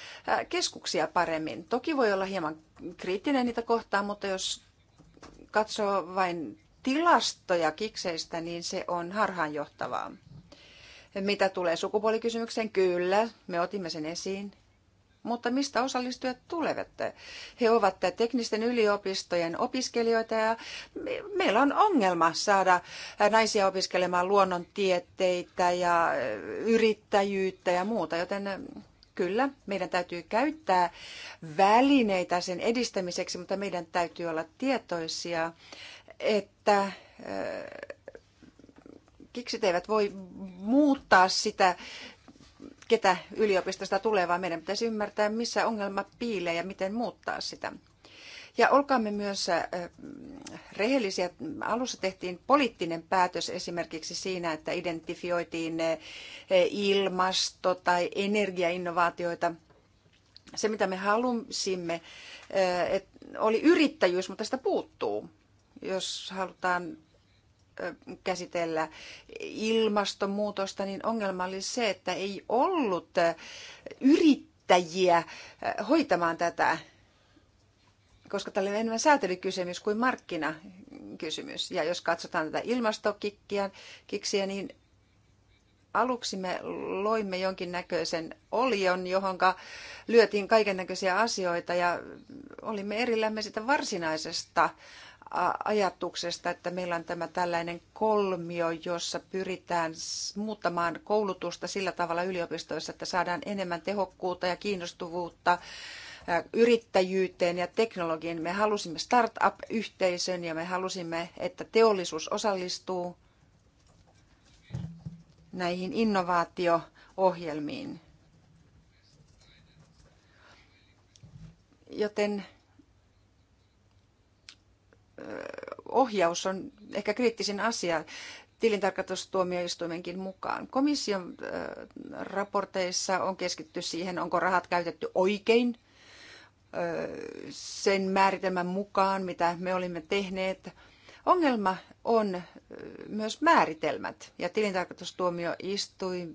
keskuksia paremmin. Toki voi olla hieman kriittinen niitä kohtaan, mutta jos katsoo vain tilastoja kikseistä, niin se on harhaanjohtavaa. Mitä tulee sukupuolikysymykseen, kyllä, me otimme sen esiin. Mutta mistä osallistujat tulevat? He ovat teknisten yliopistojen opiskelijoita ja meillä on ongelma saada naisia opiskelemaan luonnontieteitä ja yrittäjyyttä ja muuta, joten kyllä, meidän täytyy käyttää välineitä sen edistämiseksi, mutta meidän täytyy olla tietoisia että kiksit eivät voi muuttaa sitä, ketä yliopistosta tulee, vaan meidän pitäisi ymmärtää, missä ongelma piilee ja miten muuttaa sitä. Ja olkaamme myös rehellisiä. Alussa tehtiin poliittinen päätös esimerkiksi siinä, että identifioitiin ilmasto- tai energiainnovaatioita. Se, mitä me halusimme, oli yrittäjyys, mutta sitä puuttuu jos halutaan käsitellä ilmastonmuutosta, niin ongelma oli se, että ei ollut yrittäjiä hoitamaan tätä, koska tämä oli enemmän säätelykysymys kuin markkinakysymys. Ja jos katsotaan tätä ilmastokikkiä, kiksiä, niin aluksi me loimme jonkinnäköisen olion, johon lyötiin kaiken näköisiä asioita ja olimme erillämme sitä varsinaisesta ajatuksesta, että meillä on tämä tällainen kolmio, jossa pyritään muuttamaan koulutusta sillä tavalla yliopistoissa, että saadaan enemmän tehokkuutta ja kiinnostuvuutta yrittäjyyteen ja teknologian. Me halusimme startup-yhteisön ja me halusimme, että teollisuus osallistuu näihin innovaatio-ohjelmiin. Joten ohjaus on ehkä kriittisin asia tilintarkastustuomioistuimenkin mukaan. Komission raporteissa on keskitty siihen, onko rahat käytetty oikein sen määritelmän mukaan, mitä me olimme tehneet. Ongelma on myös määritelmät ja tilintarkastustuomioistuin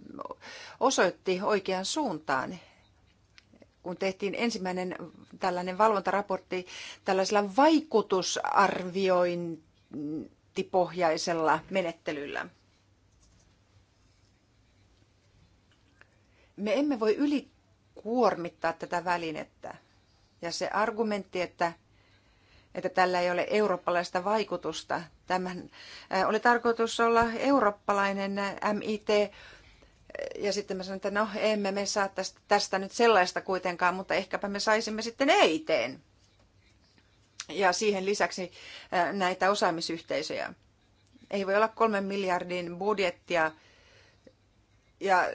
osoitti oikeaan suuntaan kun tehtiin ensimmäinen tällainen valvontaraportti tällaisella vaikutusarviointipohjaisella menettelyllä. Me emme voi ylikuormittaa tätä välinettä. Ja se argumentti, että, että tällä ei ole eurooppalaista vaikutusta, tämän oli tarkoitus olla eurooppalainen MIT ja sitten mä sanoin, että no emme me saa tästä, tästä nyt sellaista kuitenkaan, mutta ehkäpä me saisimme sitten eiteen. Ja siihen lisäksi äh, näitä osaamisyhteisöjä. Ei voi olla kolmen miljardin budjettia ja äh,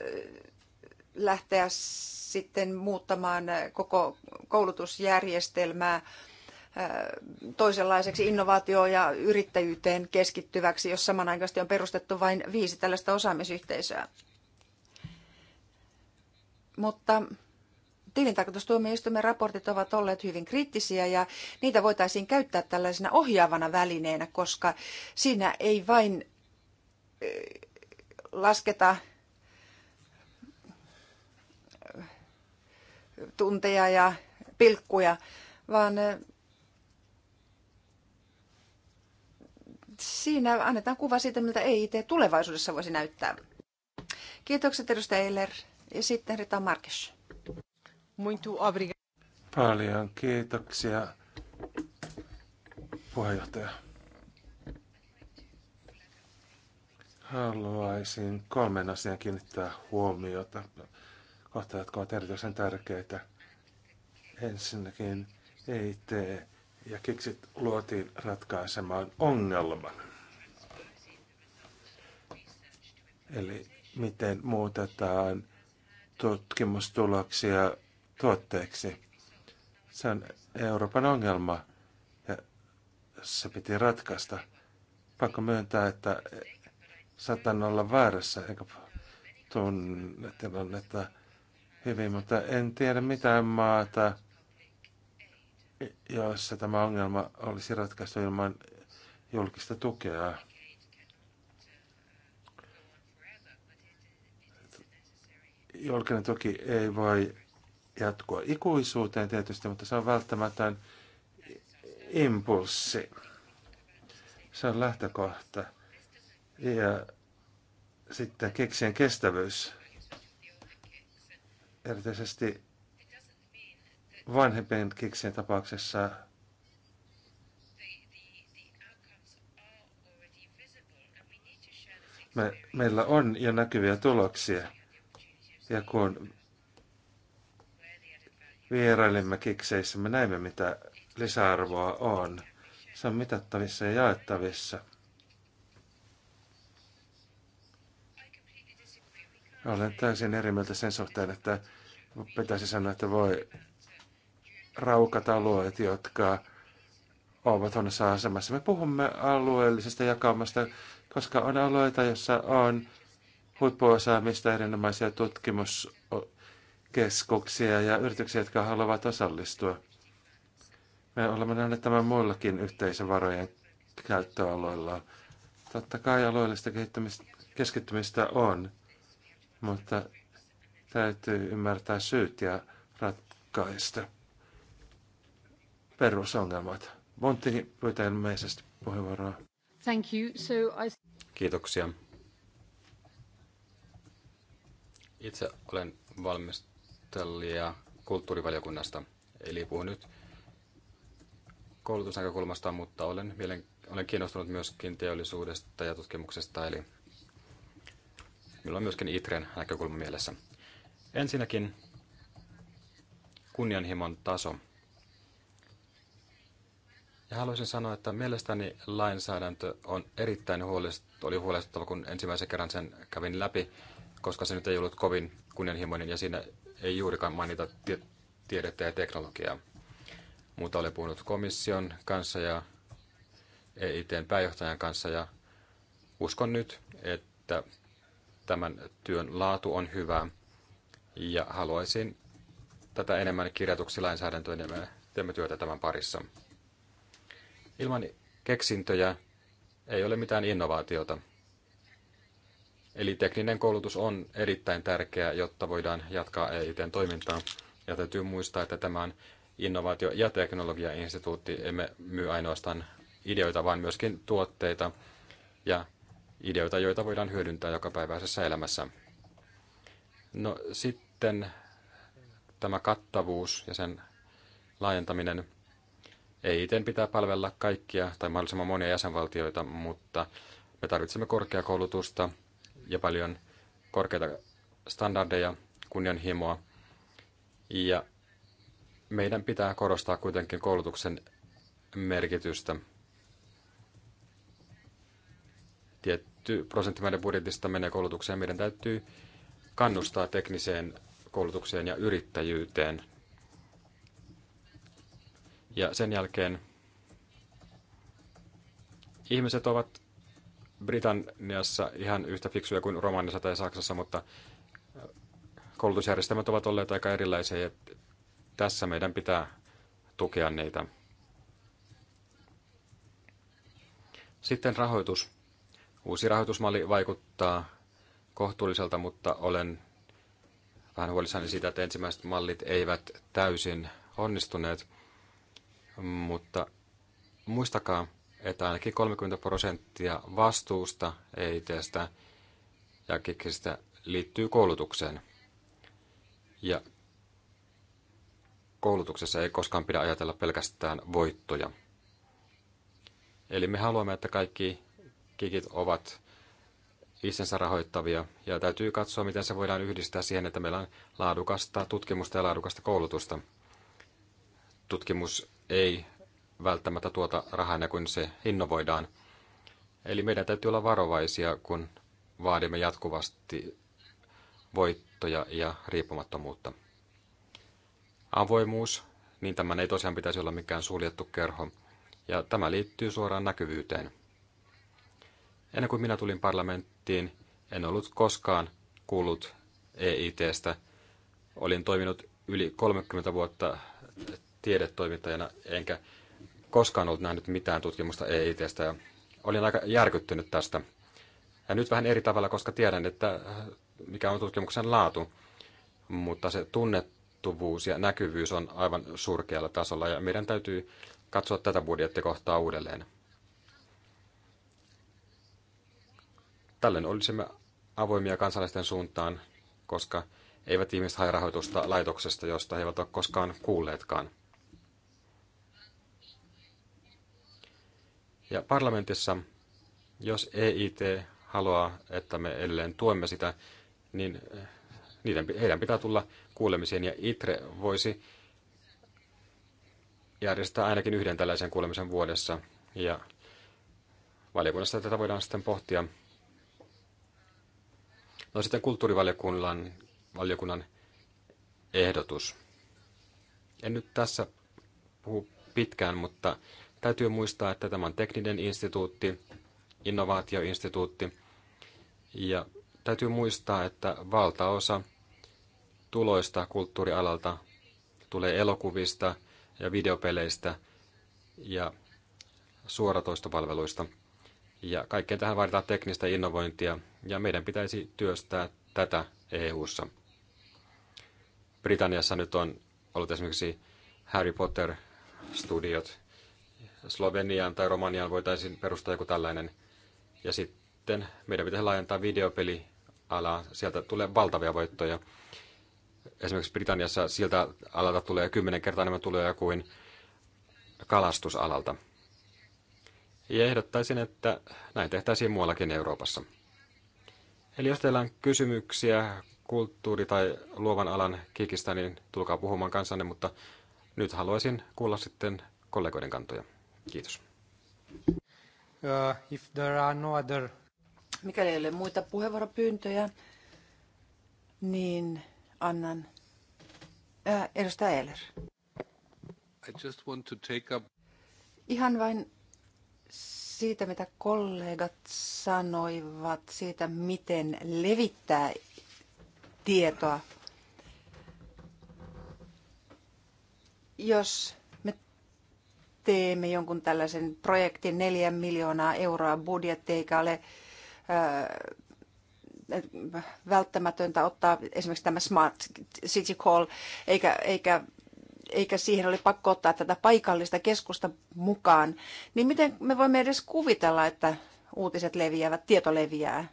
lähteä sitten muuttamaan äh, koko koulutusjärjestelmää toisenlaiseksi innovaatio- ja yrittäjyyteen keskittyväksi, jos samanaikaisesti on perustettu vain viisi tällaista osaamisyhteisöä. Mutta tilintarkastustuomioistuimen raportit ovat olleet hyvin kriittisiä ja niitä voitaisiin käyttää tällaisena ohjaavana välineenä, koska siinä ei vain lasketa tunteja ja pilkkuja, vaan siinä annetaan kuva siitä, miltä EIT tulevaisuudessa voisi näyttää. Kiitokset edustaja Eiler. Ja sitten Rita Markes. Paljon kiitoksia, puheenjohtaja. Haluaisin kolmen asian kiinnittää huomiota, kohta, jotka ovat erityisen tärkeitä. Ensinnäkin ei tee ja keksit luotiin ratkaisemaan ongelman. Eli miten muutetaan tutkimustuloksia tuotteeksi. Se on Euroopan ongelma ja se piti ratkaista. Pakko myöntää, että saatan olla väärässä eikä tunne tilannetta hyvin, mutta en tiedä mitään maata, jossa tämä ongelma olisi ratkaistu ilman julkista tukea. julkinen tuki ei voi jatkua ikuisuuteen tietysti, mutta se on välttämätön impulssi. Se on lähtökohta. Ja sitten keksien kestävyys. Erityisesti vanhempien keksien tapauksessa me, meillä on jo näkyviä tuloksia ja kun vierailimme kikseissä, me näimme mitä lisäarvoa on. Se on mitattavissa ja jaettavissa. Olen täysin eri mieltä sen suhteen, että pitäisi sanoa, että voi raukat alueet, jotka ovat huonossa asemassa. Me puhumme alueellisesta jakaumasta, koska on alueita, jossa on huippuosaamista, erinomaisia tutkimuskeskuksia ja yrityksiä, jotka haluavat osallistua. Me olemme nähneet tämän muillakin yhteisövarojen käyttöaloilla. Totta kai alueellista keskittymistä on, mutta täytyy ymmärtää syyt ja ratkaista perusongelmat. Montti pyytää ilmeisesti puheenvuoroa. Thank you. So I... Kiitoksia. Itse olen valmistelija kulttuurivaliokunnasta, eli puhun nyt koulutusnäkökulmasta, mutta olen, mielen, olen kiinnostunut myöskin teollisuudesta ja tutkimuksesta, eli minulla on myöskin ITREn näkökulma mielessä. Ensinnäkin kunnianhimon taso. Ja haluaisin sanoa, että mielestäni lainsäädäntö on erittäin huolest, oli huolestuttava, kun ensimmäisen kerran sen kävin läpi koska se nyt ei ollut kovin kunnianhimoinen ja siinä ei juurikaan mainita tie- tiedettä ja teknologiaa. Mutta olen puhunut komission kanssa ja EITn pääjohtajan kanssa ja uskon nyt, että tämän työn laatu on hyvä ja haluaisin tätä enemmän kirjatuksi lainsäädäntöön ja me teemme työtä tämän parissa. Ilman keksintöjä ei ole mitään innovaatiota. Eli tekninen koulutus on erittäin tärkeää, jotta voidaan jatkaa EITn toimintaa. Ja täytyy muistaa, että tämä on innovaatio- ja teknologiainstituutti. Emme myy ainoastaan ideoita, vaan myöskin tuotteita ja ideoita, joita voidaan hyödyntää jokapäiväisessä elämässä. No sitten tämä kattavuus ja sen laajentaminen. Ei itse pitää palvella kaikkia tai mahdollisimman monia jäsenvaltioita, mutta me tarvitsemme korkeakoulutusta, ja paljon korkeita standardeja, kunnianhimoa. Ja meidän pitää korostaa kuitenkin koulutuksen merkitystä. Tietty prosenttimäinen budjetista menee koulutukseen. Meidän täytyy kannustaa tekniseen koulutukseen ja yrittäjyyteen. Ja sen jälkeen ihmiset ovat Britanniassa ihan yhtä fiksuja kuin Romaniassa tai Saksassa, mutta äh, koulutusjärjestelmät ovat olleet aika erilaisia ja tässä meidän pitää tukea niitä. Sitten rahoitus. Uusi rahoitusmalli vaikuttaa kohtuulliselta, mutta olen vähän huolissani siitä, että ensimmäiset mallit eivät täysin onnistuneet. Mutta muistakaa, että ainakin 30 prosenttia vastuusta EITstä ja kiksistä liittyy koulutukseen. Ja koulutuksessa ei koskaan pidä ajatella pelkästään voittoja. Eli me haluamme, että kaikki kikit ovat itsensä rahoittavia ja täytyy katsoa, miten se voidaan yhdistää siihen, että meillä on laadukasta tutkimusta ja laadukasta koulutusta. Tutkimus ei välttämättä tuota rahaa ennen kuin se innovoidaan. Eli meidän täytyy olla varovaisia, kun vaadimme jatkuvasti voittoja ja riippumattomuutta. Avoimuus, niin tämän ei tosiaan pitäisi olla mikään suljettu kerho, ja tämä liittyy suoraan näkyvyyteen. Ennen kuin minä tulin parlamenttiin, en ollut koskaan kuullut EITstä. Olin toiminut yli 30 vuotta tiedetoimittajana, enkä koskaan ollut nähnyt mitään tutkimusta EITstä ja olin aika järkyttynyt tästä. Ja nyt vähän eri tavalla, koska tiedän, että äh, mikä on tutkimuksen laatu, mutta se tunnettuvuus ja näkyvyys on aivan surkealla tasolla ja meidän täytyy katsoa tätä budjettikohtaa uudelleen. Tällöin olisimme avoimia kansalaisten suuntaan, koska eivät ihmiset hae rahoitusta laitoksesta, josta he eivät ole koskaan kuulleetkaan. Ja parlamentissa, jos EIT haluaa, että me edelleen tuemme sitä, niin eh, niiden, heidän pitää tulla kuulemiseen ja ITRE voisi järjestää ainakin yhden tällaisen kuulemisen vuodessa. Ja valiokunnassa tätä voidaan sitten pohtia. No sitten kulttuurivaliokunnan valiokunnan ehdotus. En nyt tässä puhu pitkään, mutta Täytyy muistaa, että tämä on tekninen instituutti, innovaatioinstituutti, ja täytyy muistaa, että valtaosa tuloista kulttuurialalta tulee elokuvista ja videopeleistä ja suoratoistopalveluista. Ja kaikkeen tähän vaaditaan teknistä innovointia, ja meidän pitäisi työstää tätä EU-ssa. Britanniassa nyt on ollut esimerkiksi Harry Potter-studiot, Sloveniaan tai Romaniaan voitaisiin perustaa joku tällainen. Ja sitten meidän pitäisi laajentaa alaa Sieltä tulee valtavia voittoja. Esimerkiksi Britanniassa siltä alalta tulee kymmenen kertaa enemmän tuloja kuin kalastusalalta. Ja ehdottaisin, että näin tehtäisiin muuallakin Euroopassa. Eli jos teillä on kysymyksiä kulttuuri- tai luovan alan kikistä, niin tulkaa puhumaan kanssanne, mutta nyt haluaisin kuulla sitten kollegoiden kantoja. Kiitos. Uh, if there are no other... Mikäli ei ole muita puheenvuoropyyntöjä, niin annan uh, edustaja Eller. I just want to take up... Ihan vain siitä, mitä kollegat sanoivat, siitä, miten levittää tietoa. Jos teemme jonkun tällaisen projektin neljän miljoonaa euroa budjetti, eikä ole äh, välttämätöntä ottaa esimerkiksi tämä Smart City Call, eikä, eikä, eikä siihen ole pakko ottaa tätä paikallista keskusta mukaan, niin miten me voimme edes kuvitella, että uutiset leviävät, tieto leviää?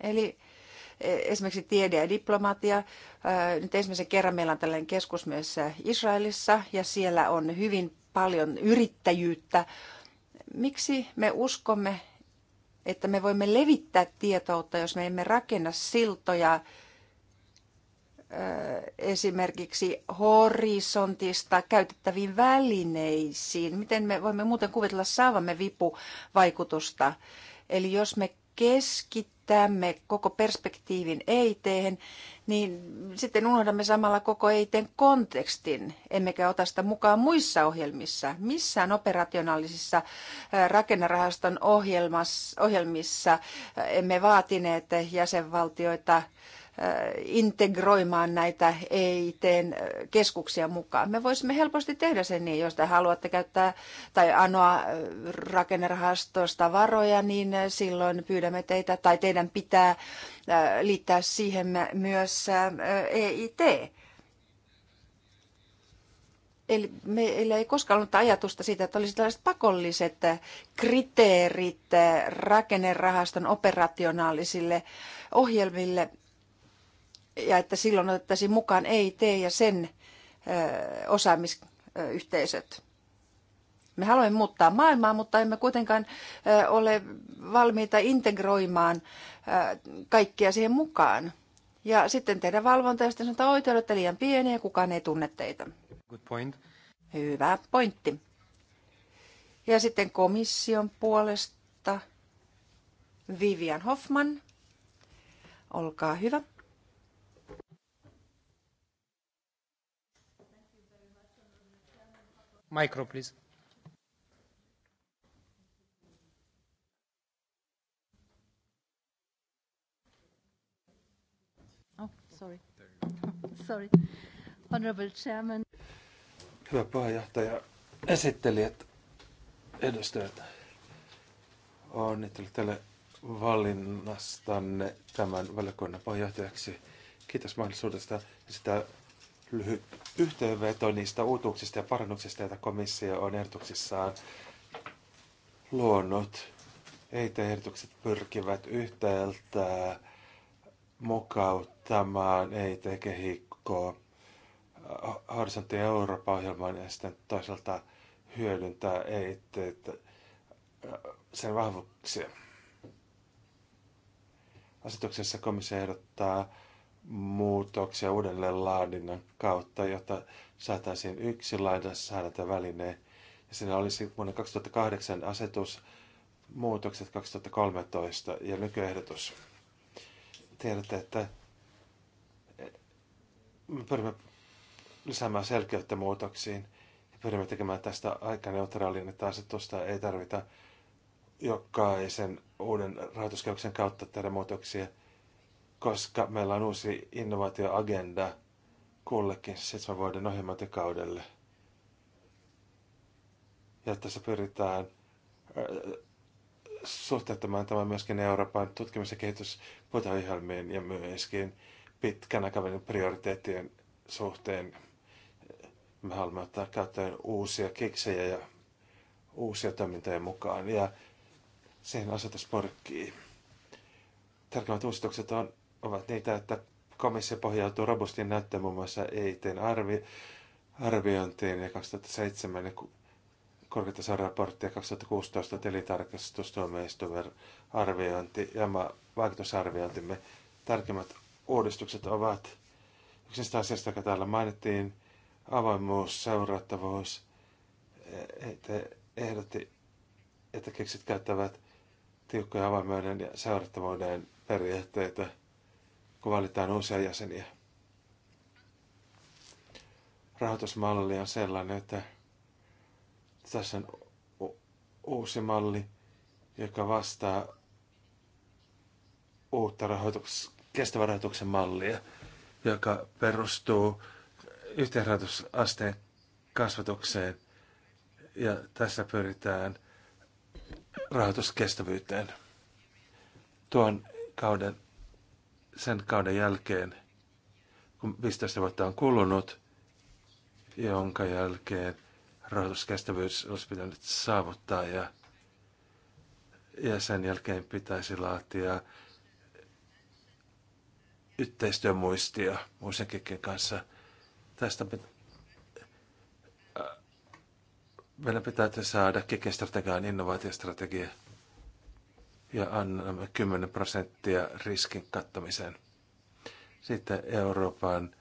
Eli e, esimerkiksi tiede ja diplomatia. Äh, nyt ensimmäisen kerran meillä on tällainen keskus myös Israelissa ja siellä on hyvin paljon yrittäjyyttä. Miksi me uskomme, että me voimme levittää tietoutta, jos me emme rakenna siltoja esimerkiksi horisontista käytettäviin välineisiin? Miten me voimme muuten kuvitella saavamme vipuvaikutusta? Eli jos me keskitymme Tämme koko perspektiivin ei teen, niin sitten unohdamme samalla koko eiteen kontekstin, emmekä ota sitä mukaan muissa ohjelmissa, missään operationaalisissa rakennerahaston ohjelmassa, ohjelmissa emme vaatineet jäsenvaltioita integroimaan näitä EIT-keskuksia mukaan. Me voisimme helposti tehdä sen niin, jos te haluatte käyttää tai anoa rakennerahastosta varoja, niin silloin pyydämme teitä tai teidän pitää liittää siihen myös EIT. Eli meillä ei koskaan ollut ajatusta siitä, että olisi tällaiset pakolliset kriteerit rakennerahaston operationaalisille ohjelmille, ja että silloin otettaisiin mukaan EIT ja sen osaamisyhteisöt. Me haluamme muuttaa maailmaa, mutta emme kuitenkaan ole valmiita integroimaan kaikkia siihen mukaan. Ja sitten tehdä valvonta ja sitten sanotaan, että olette liian pieniä ja kukaan ei tunne teitä. Good point. Hyvä pointti. Ja sitten komission puolesta Vivian Hoffman. Olkaa hyvä. Micro, please. Oh, sorry. Sorry. Honorable Chairman. Hyvä puheenjohtaja, esittelijät, edustajat. Onnittelut tälle valinnastanne tämän valiokunnan puheenjohtajaksi. Kiitos mahdollisuudesta esittää lyhyt yhteenveto niistä uutuuksista ja parannuksista, joita komissio on ehdotuksissaan luonut. EIT-ehdotukset pyrkivät yhtäältä mukauttamaan EIT-kehikkoa äh, Horisontti Euroopan ohjelman ja sitten toisaalta hyödyntää EIT äh, sen vahvuuksia. Asetuksessa komissio ehdottaa muutoksia uudelleen laadinnan kautta, jotta saataisiin yksi lainsäädäntöväline. Ja siinä olisi vuonna 2008 asetus, muutokset 2013 ja nykyehdotus. Tiedätte, että me pyrimme lisäämään selkeyttä muutoksiin ja pyrimme tekemään tästä aikaneutraalin, että asetusta ei tarvita jokaisen uuden rahoituskehyksen kautta tehdä muutoksia – koska meillä on uusi innovaatioagenda kullekin seitsemän vuoden ohjelmointikaudelle. Ja tässä pyritään äh, suhteuttamaan tämä myöskin Euroopan tutkimus- ja kehityspuiteohjelmiin ja myöskin pitkän aikavälin prioriteettien suhteen. Me haluamme ottaa käyttöön uusia keksejä ja uusia toimintoja mukaan ja siihen asetus porkkii. Tärkeimmät uusitukset on ovat niitä, että komissio pohjautuu robustin näyttöön muun muassa EITn arvi, arviointiin ja 2007 korkeatason raportti ja 2016 telitarkastustuomioistuimen arviointi ja vaikutusarviointimme tärkeimmät uudistukset ovat yksistä asiasta, joka täällä mainittiin, avoimuus, seurattavuus, e-, että ehdotti, että keksit käyttävät tiukkoja avoimuuden ja seurattavuuden periaatteita – kun valitaan uusia jäseniä. Rahoitusmalli on sellainen, että tässä on uusi malli, joka vastaa uutta rahoituks- kestävän rahoituksen mallia, joka perustuu yhteenrahoitusasteen kasvatukseen ja tässä pyritään rahoituskestävyyteen. Tuon kauden sen kauden jälkeen, kun 15 vuotta on kulunut, jonka jälkeen rahoituskestävyys olisi pitänyt saavuttaa ja, ja sen jälkeen pitäisi laatia yhteistyömuistia muidenkin kanssa. Tästä pit- meidän pitää saada Kikin strategiaan innovaatiostrategia ja annamme 10 prosenttia riskin kattamiseen. Sitten Euroopan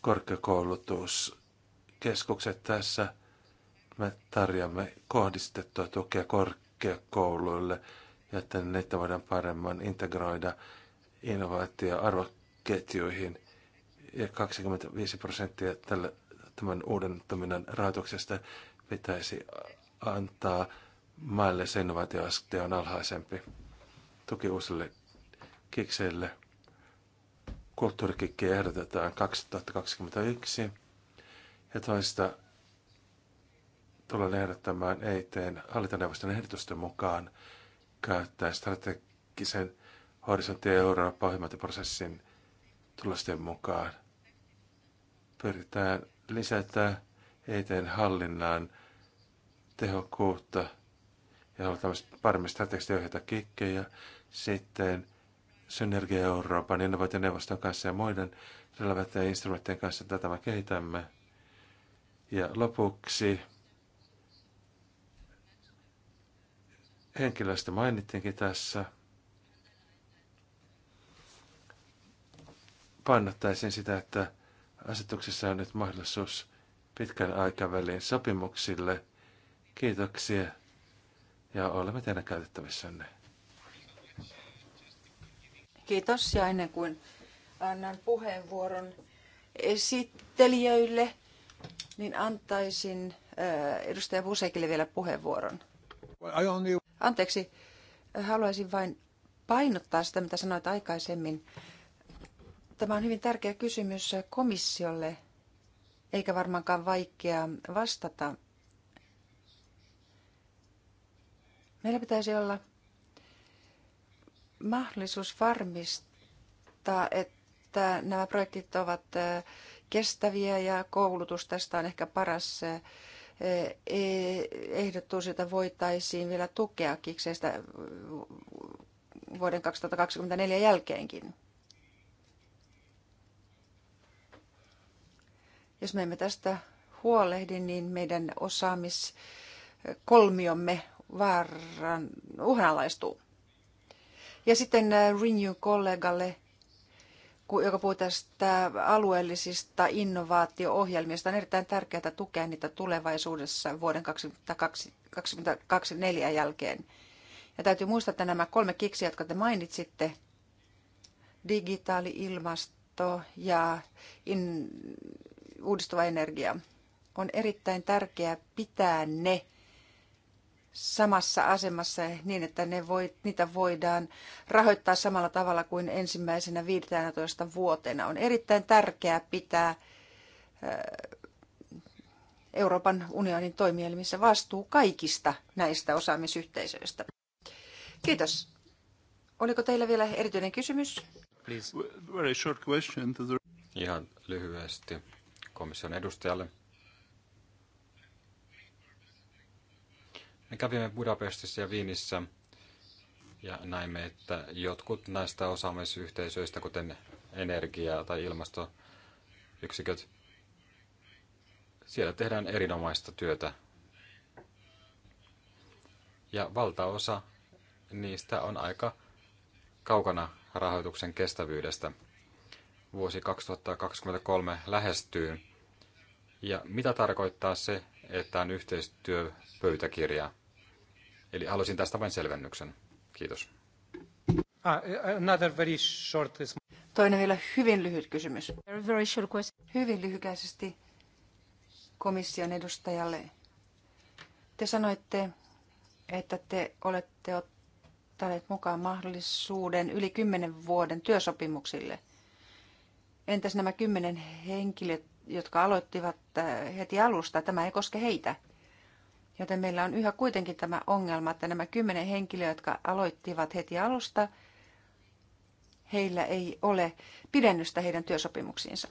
korkeakoulutuskeskukset tässä. Me tarjoamme kohdistettua tukea korkeakouluille, jotta niitä voidaan paremmin integroida arvoketjuihin. Ja 25 prosenttia tälle, tämän uuden toiminnan rahoituksesta pitäisi antaa maille se innovaatioaste on alhaisempi. Toki uusille kikseille. Kulttuurikikkiä ehdotetaan 2021 ja toista tullaan ehdottamaan EITn hallintoneuvoston ehdotusten mukaan käyttää strategisen horisontti Euroopan ohjelmointiprosessin tulosten mukaan. Pyritään lisätä EITn hallinnan tehokkuutta ja halutaan myös paremmin strategisesti ohjata kikkejä sitten Synergia Euroopan innovaationeuvoston kanssa ja muiden relevanttien instrumenttien kanssa tätä me kehitämme. Ja lopuksi henkilöstö mainittiinkin tässä. Pannattaisin sitä, että asetuksessa on nyt mahdollisuus pitkän aikavälin sopimuksille. Kiitoksia ja olemme teidän käytettävissänne. Kiitos ja ennen kuin annan puheenvuoron esittelijöille, niin antaisin äh, edustaja Busekille vielä puheenvuoron. Anteeksi, haluaisin vain painottaa sitä, mitä sanoit aikaisemmin. Tämä on hyvin tärkeä kysymys komissiolle, eikä varmaankaan vaikea vastata. Meillä pitäisi olla mahdollisuus varmistaa, että nämä projektit ovat kestäviä ja koulutus tästä on ehkä paras e, ehdotus, jota voitaisiin vielä tukea kikseistä vuoden 2024 jälkeenkin. Jos me emme tästä huolehdi, niin meidän osaamiskolmiomme vaaran uhanalaistuu. Ja sitten äh, Renew-kollegalle, joka puhuu tästä alueellisista innovaatio-ohjelmista. On erittäin tärkeää tukea niitä tulevaisuudessa vuoden 2024 jälkeen. Ja täytyy muistaa, että nämä kolme kiksiä, jotka te mainitsitte, digitaali ilmasto ja in, uudistuva energia, on erittäin tärkeää pitää ne samassa asemassa niin, että ne voi, niitä voidaan rahoittaa samalla tavalla kuin ensimmäisenä 15 vuotena. On erittäin tärkeää pitää eh, Euroopan unionin toimielimissä vastuu kaikista näistä osaamisyhteisöistä. Kiitos. Oliko teillä vielä erityinen kysymys? Please. Very short question to the... Ihan lyhyesti komission edustajalle. Me kävimme Budapestissa ja Viinissä ja näimme, että jotkut näistä osaamisyhteisöistä, kuten energia- tai ilmastoyksiköt, siellä tehdään erinomaista työtä. Ja valtaosa niistä on aika kaukana rahoituksen kestävyydestä. Vuosi 2023 lähestyy. Ja mitä tarkoittaa se, että on yhteistyöpöytäkirja. Eli haluaisin tästä vain selvennyksen. Kiitos. Ah, another very short... Toinen vielä hyvin lyhyt kysymys. Very short question. Hyvin lyhykäisesti komission edustajalle. Te sanoitte, että te olette ottaneet mukaan mahdollisuuden yli kymmenen vuoden työsopimuksille. Entäs nämä kymmenen henkilöt, jotka aloittivat eh, heti alusta, tämä ei koske heitä. Joten meillä on yhä kuitenkin tämä ongelma, että nämä kymmenen henkilöä, jotka aloittivat heti alusta, heillä ei ole pidennystä heidän työsopimuksiinsa.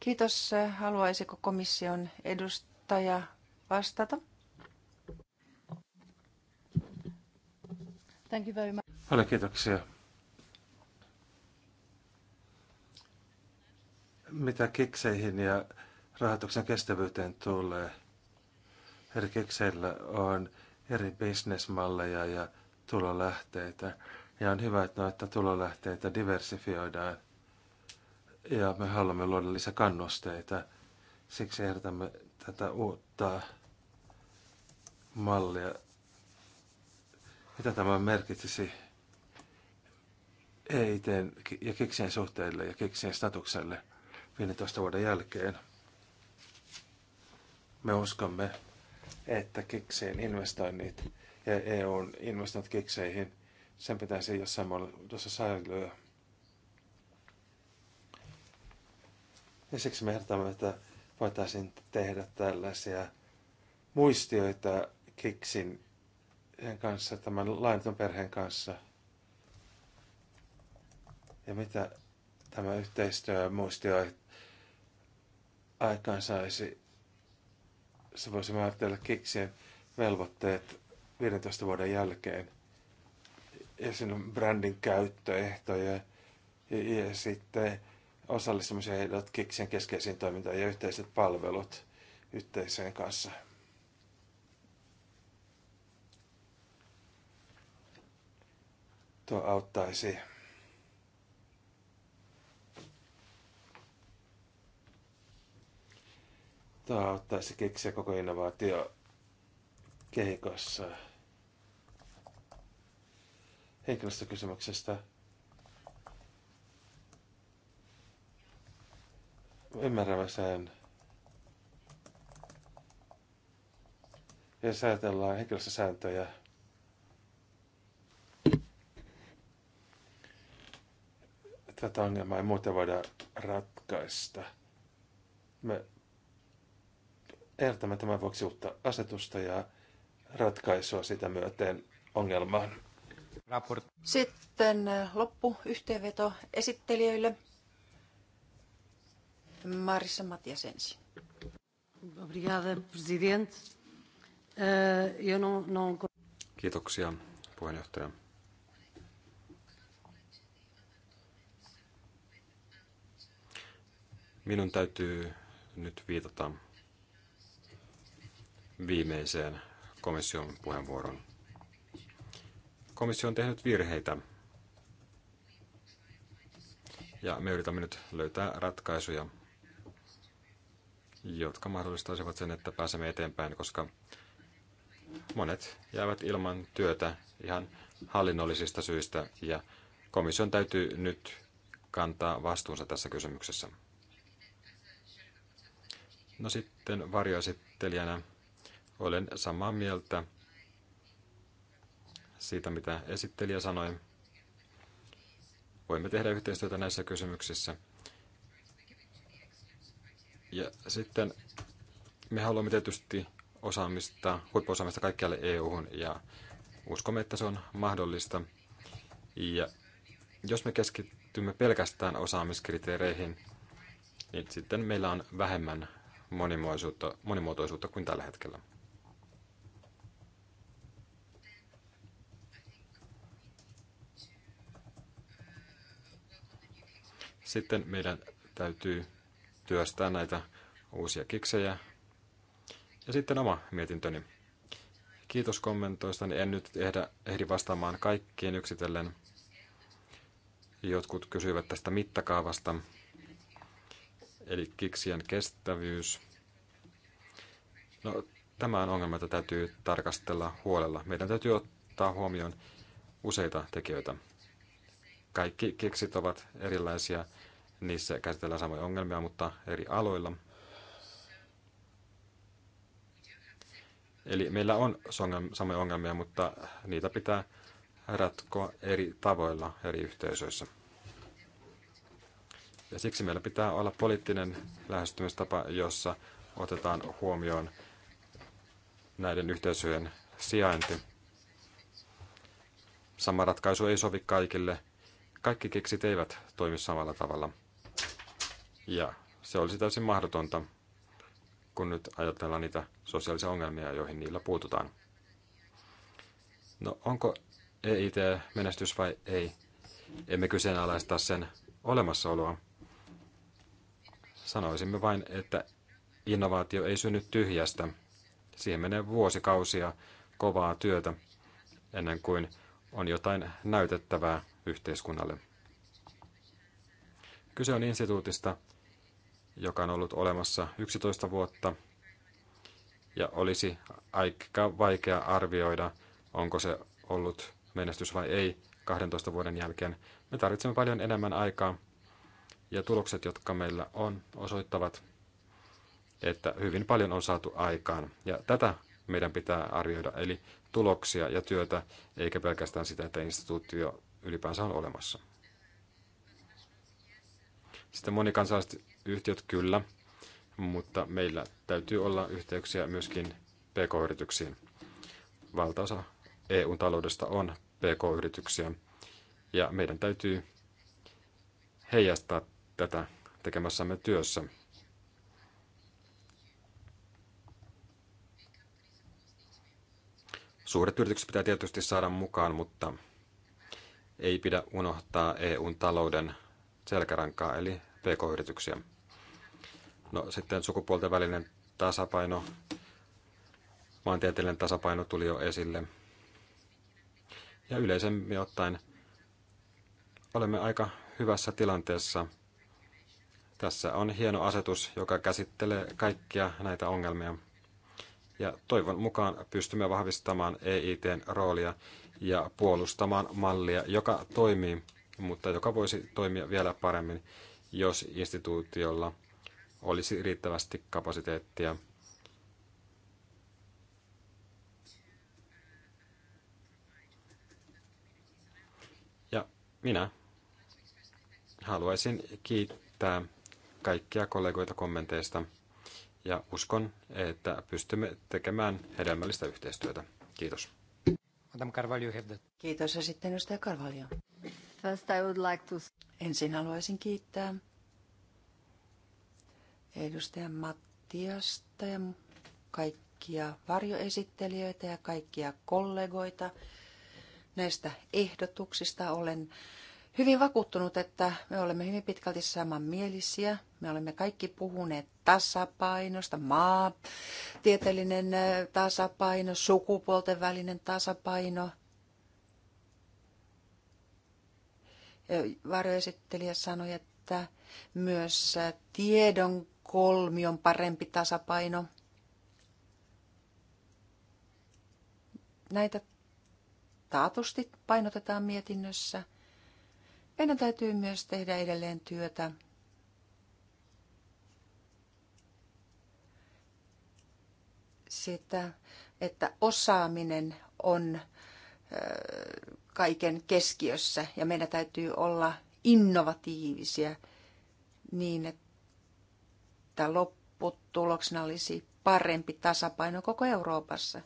Kiitos. Haluaisiko komission edustaja vastata? Paljon kiitoksia. mitä kekseihin ja rahoituksen kestävyyteen tulee, eri kekseillä on eri bisnesmalleja ja tulolähteitä. Ja on hyvä, että noita tulolähteitä diversifioidaan. Ja me haluamme luoda kannusteita. Siksi ehdotamme tätä uutta mallia. Mitä tämä merkitsisi EITn ja keksien suhteille ja keksien statukselle? 15 vuoden jälkeen. Me uskomme, että kikseen investoinnit ja EUn investoinnit kikseihin, sen pitäisi jossain muodossa säilyä. Ja siksi me ehdotamme, että voitaisiin tehdä tällaisia muistioita kiksin kanssa, tämän laiton perheen kanssa. Ja mitä tämä yhteistyö muistio Aikaan saisi, se voisi määritellä kiksien velvoitteet 15 vuoden jälkeen. Ja siinä on brändin käyttöehtoja ja, ja sitten osallistumisen ehdot kiksien keskeisiin toimintaan ja yhteiset palvelut yhteiseen kanssa. Tuo auttaisi ottaisi keksiä koko innovaatio kehikossa. Henkilöstökysymyksestä. Ymmärrämme sen. Ja säätellään henkilöstösääntöjä. Tätä ongelmaa ei muuten voida ratkaista. Me ehdotamme tämän vuoksi uutta asetusta ja ratkaisua sitä myöten ongelmaan. Raport. Sitten äh, loppu yhteenveto esittelijöille. Marissa Matias ensin. Obrigada, presidente. Eh, Kiitoksia, puheenjohtaja. Minun täytyy nyt viitata viimeiseen komission puheenvuoroon. Komissio on tehnyt virheitä ja me yritämme nyt löytää ratkaisuja, jotka mahdollistaisivat sen, että pääsemme eteenpäin, koska monet jäävät ilman työtä ihan hallinnollisista syistä ja komission täytyy nyt kantaa vastuunsa tässä kysymyksessä. No sitten varjoesittelijänä olen samaa mieltä siitä, mitä esittelijä sanoi. Voimme tehdä yhteistyötä näissä kysymyksissä. Ja sitten me haluamme tietysti osaamista, huippuosaamista kaikkialle EU-hun ja uskomme, että se on mahdollista. Ja jos me keskittymme pelkästään osaamiskriteereihin, niin sitten meillä on vähemmän monimuotoisuutta, monimuotoisuutta kuin tällä hetkellä. Sitten meidän täytyy työstää näitä uusia kiksejä. Ja sitten oma mietintöni. Kiitos kommentoista, en nyt ehdä, ehdi vastaamaan kaikkiin yksitellen. Jotkut kysyivät tästä mittakaavasta, eli kiksien kestävyys. No, tämä on ongelma, jota täytyy tarkastella huolella. Meidän täytyy ottaa huomioon useita tekijöitä. Kaikki kiksit ovat erilaisia Niissä käsitellään samoja ongelmia, mutta eri aloilla. Eli meillä on samoja ongelmia, mutta niitä pitää ratkoa eri tavoilla eri yhteisöissä. Ja siksi meillä pitää olla poliittinen lähestymistapa, jossa otetaan huomioon näiden yhteisöjen sijainti. Sama ratkaisu ei sovi kaikille. Kaikki keksit eivät toimi samalla tavalla. Ja se olisi täysin mahdotonta, kun nyt ajatellaan niitä sosiaalisia ongelmia, joihin niillä puututaan. No onko EIT menestys vai ei? Emme kyseenalaista sen olemassaoloa. Sanoisimme vain, että innovaatio ei synny tyhjästä. Siihen menee vuosikausia kovaa työtä ennen kuin on jotain näytettävää yhteiskunnalle. Kyse on instituutista, joka on ollut olemassa 11 vuotta, ja olisi aika vaikea arvioida, onko se ollut menestys vai ei 12 vuoden jälkeen. Me tarvitsemme paljon enemmän aikaa, ja tulokset, jotka meillä on, osoittavat, että hyvin paljon on saatu aikaan. Ja tätä meidän pitää arvioida, eli tuloksia ja työtä, eikä pelkästään sitä, että instituutio ylipäänsä on olemassa. Sitten monikansalliset yhtiöt kyllä, mutta meillä täytyy olla yhteyksiä myöskin pk-yrityksiin. Valtaosa eu taloudesta on pk-yrityksiä ja meidän täytyy heijastaa tätä tekemässämme työssä. Suuret yritykset pitää tietysti saada mukaan, mutta ei pidä unohtaa eu talouden selkärankaa eli pk-yrityksiä. No sitten sukupuolten välinen tasapaino, maantieteellinen tasapaino tuli jo esille. Ja yleisemmin ottaen olemme aika hyvässä tilanteessa. Tässä on hieno asetus, joka käsittelee kaikkia näitä ongelmia. Ja toivon mukaan pystymme vahvistamaan EITn roolia ja puolustamaan mallia, joka toimii, mutta joka voisi toimia vielä paremmin, jos instituutiolla – olisi riittävästi kapasiteettia. Ja minä haluaisin kiittää kaikkia kollegoita kommenteista ja uskon, että pystymme tekemään hedelmällistä yhteistyötä. Kiitos. Madame Carvalho, Kiitos ja sitten edustaja Carvalho. First I would like to... Ensin haluaisin kiittää edustaja Mattiasta ja kaikkia varjoesittelijöitä ja kaikkia kollegoita näistä ehdotuksista. Olen hyvin vakuuttunut, että me olemme hyvin pitkälti samanmielisiä. Me olemme kaikki puhuneet tasapainosta, maa, tieteellinen tasapaino, sukupuolten välinen tasapaino. Varjoesittelijä sanoi, että myös tiedon kolmion parempi tasapaino. Näitä taatusti painotetaan mietinnössä. Meidän täytyy myös tehdä edelleen työtä sitä, että osaaminen on kaiken keskiössä ja meidän täytyy olla innovatiivisia niin, että että lopputuloksena olisi parempi tasapaino koko Euroopassa.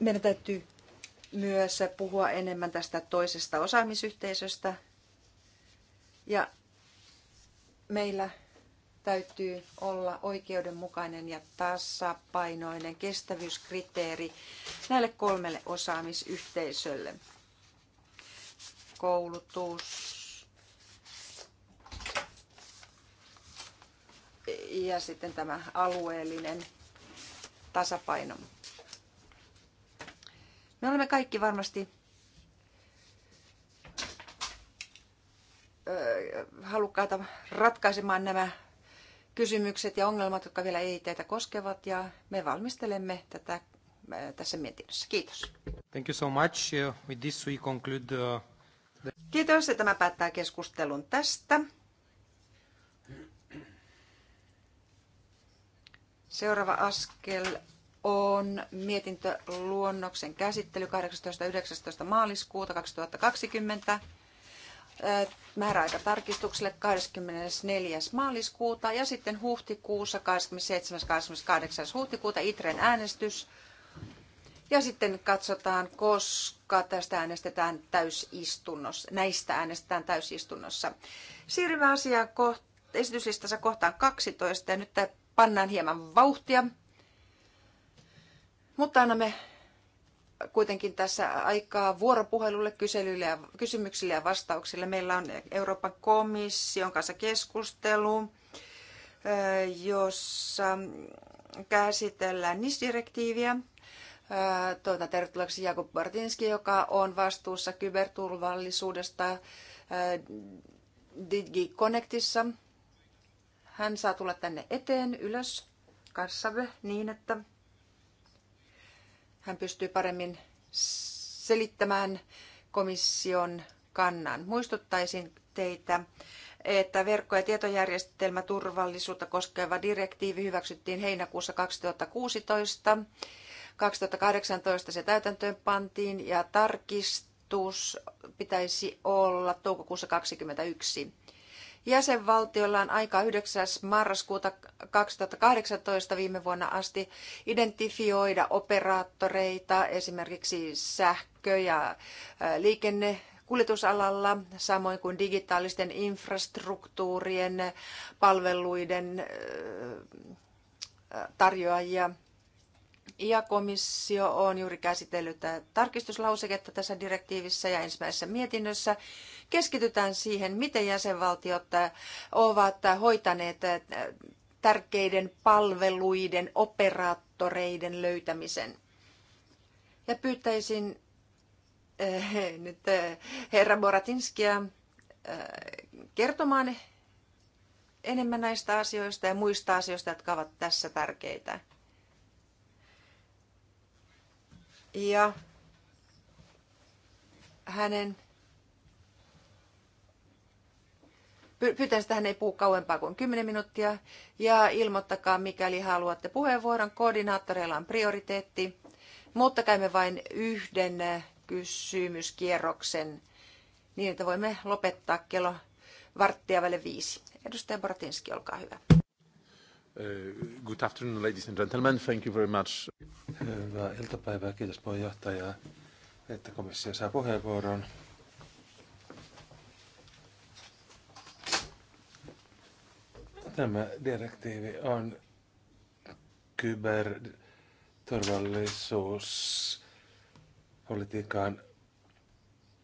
Meidän täytyy myös puhua enemmän tästä toisesta osaamisyhteisöstä. Ja meillä täytyy olla oikeudenmukainen ja tasapainoinen kestävyyskriteeri näille kolmelle osaamisyhteisölle koulutus ja sitten tämä alueellinen tasapaino. Me olemme kaikki varmasti halukkaita ratkaisemaan nämä kysymykset ja ongelmat, jotka vielä ei teitä koskevat, ja me valmistelemme tätä tässä mietinnössä. Kiitos. Thank you so much. Uh, with this we conclude uh, Kiitos että tämä päättää keskustelun tästä. Seuraava askel on mietintöluonnoksen käsittely 18.19. maaliskuuta 2020. Äh, määräaika tarkistukselle 24. maaliskuuta ja sitten huhtikuussa 27.–28. huhtikuuta Itren äänestys ja sitten katsotaan, koska tästä äänestetään täysistunnossa. Näistä äänestetään täysistunnossa. Siirrymme asiaan koht- esityslistassa kohtaan 12 ja nyt pannaan hieman vauhtia. Mutta annamme kuitenkin tässä aikaa vuoropuhelulle, kyselyille ja, kysymyksille ja vastauksille. Meillä on Euroopan komission kanssa keskustelu, jossa käsitellään NIS-direktiiviä tuota, tervetulleeksi Jakub Bartinski, joka on vastuussa kyberturvallisuudesta äh, Digi Connectissa. Hän saa tulla tänne eteen ylös kassave niin, että hän pystyy paremmin selittämään komission kannan. Muistuttaisin teitä, että verkko- ja tietojärjestelmäturvallisuutta koskeva direktiivi hyväksyttiin heinäkuussa 2016 2018 se täytäntöön pantiin ja tarkistus pitäisi olla toukokuussa 2021. Jäsenvaltiolla on aikaa 9. marraskuuta 2018 viime vuonna asti identifioida operaattoreita esimerkiksi sähkö- ja liikenne kuljetusalalla, samoin kuin digitaalisten infrastruktuurien palveluiden tarjoajia ja komissio on juuri käsitellyt tarkistuslauseketta tässä direktiivissä ja ensimmäisessä mietinnössä. Keskitytään siihen, miten jäsenvaltiot äh, ovat hoitaneet äh, tärkeiden palveluiden operaattoreiden löytämisen. Ja pyytäisin äh, nyt äh, herra Boratinskia äh, kertomaan enemmän näistä asioista ja muista asioista, jotka ovat tässä tärkeitä. Ja hänen Pyytän, että hän ei puhu kauempaa kuin 10 minuuttia ja ilmoittakaa, mikäli haluatte puheenvuoron. Koordinaattoreilla on prioriteetti, mutta käymme vain yhden äh, kysymyskierroksen niin, että voimme lopettaa kello varttia välillä viisi. Edustaja Boratinski, olkaa hyvä. Uh, good afternoon, ladies and gentlemen. Thank you very much. Hyvää iltapäivää. Kiitos puheenjohtaja, että komissio saa puheenvuoron. Tämä direktiivi on kyberturvallisuuspolitiikan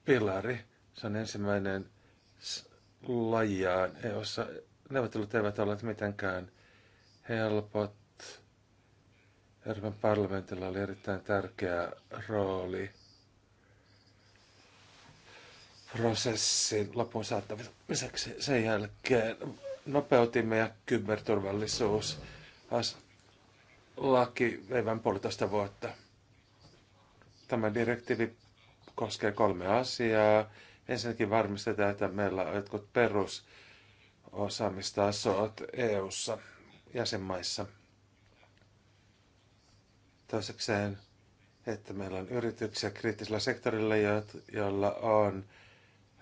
pilari. Se on ensimmäinen lajiaan, jossa e neuvottelut eivät ole mitenkään helpot. Euroopan parlamentilla oli erittäin tärkeä rooli prosessin lopun saattamiseksi. Sen jälkeen nopeutimme ja kyberturvallisuus laki veivän puolitoista vuotta. Tämä direktiivi koskee kolme asiaa. Ensinnäkin varmistetaan, että meillä on jotkut perusosaamistasot EU-ssa jäsenmaissa. Toisekseen, että meillä on yrityksiä kriittisellä sektorilla, joilla on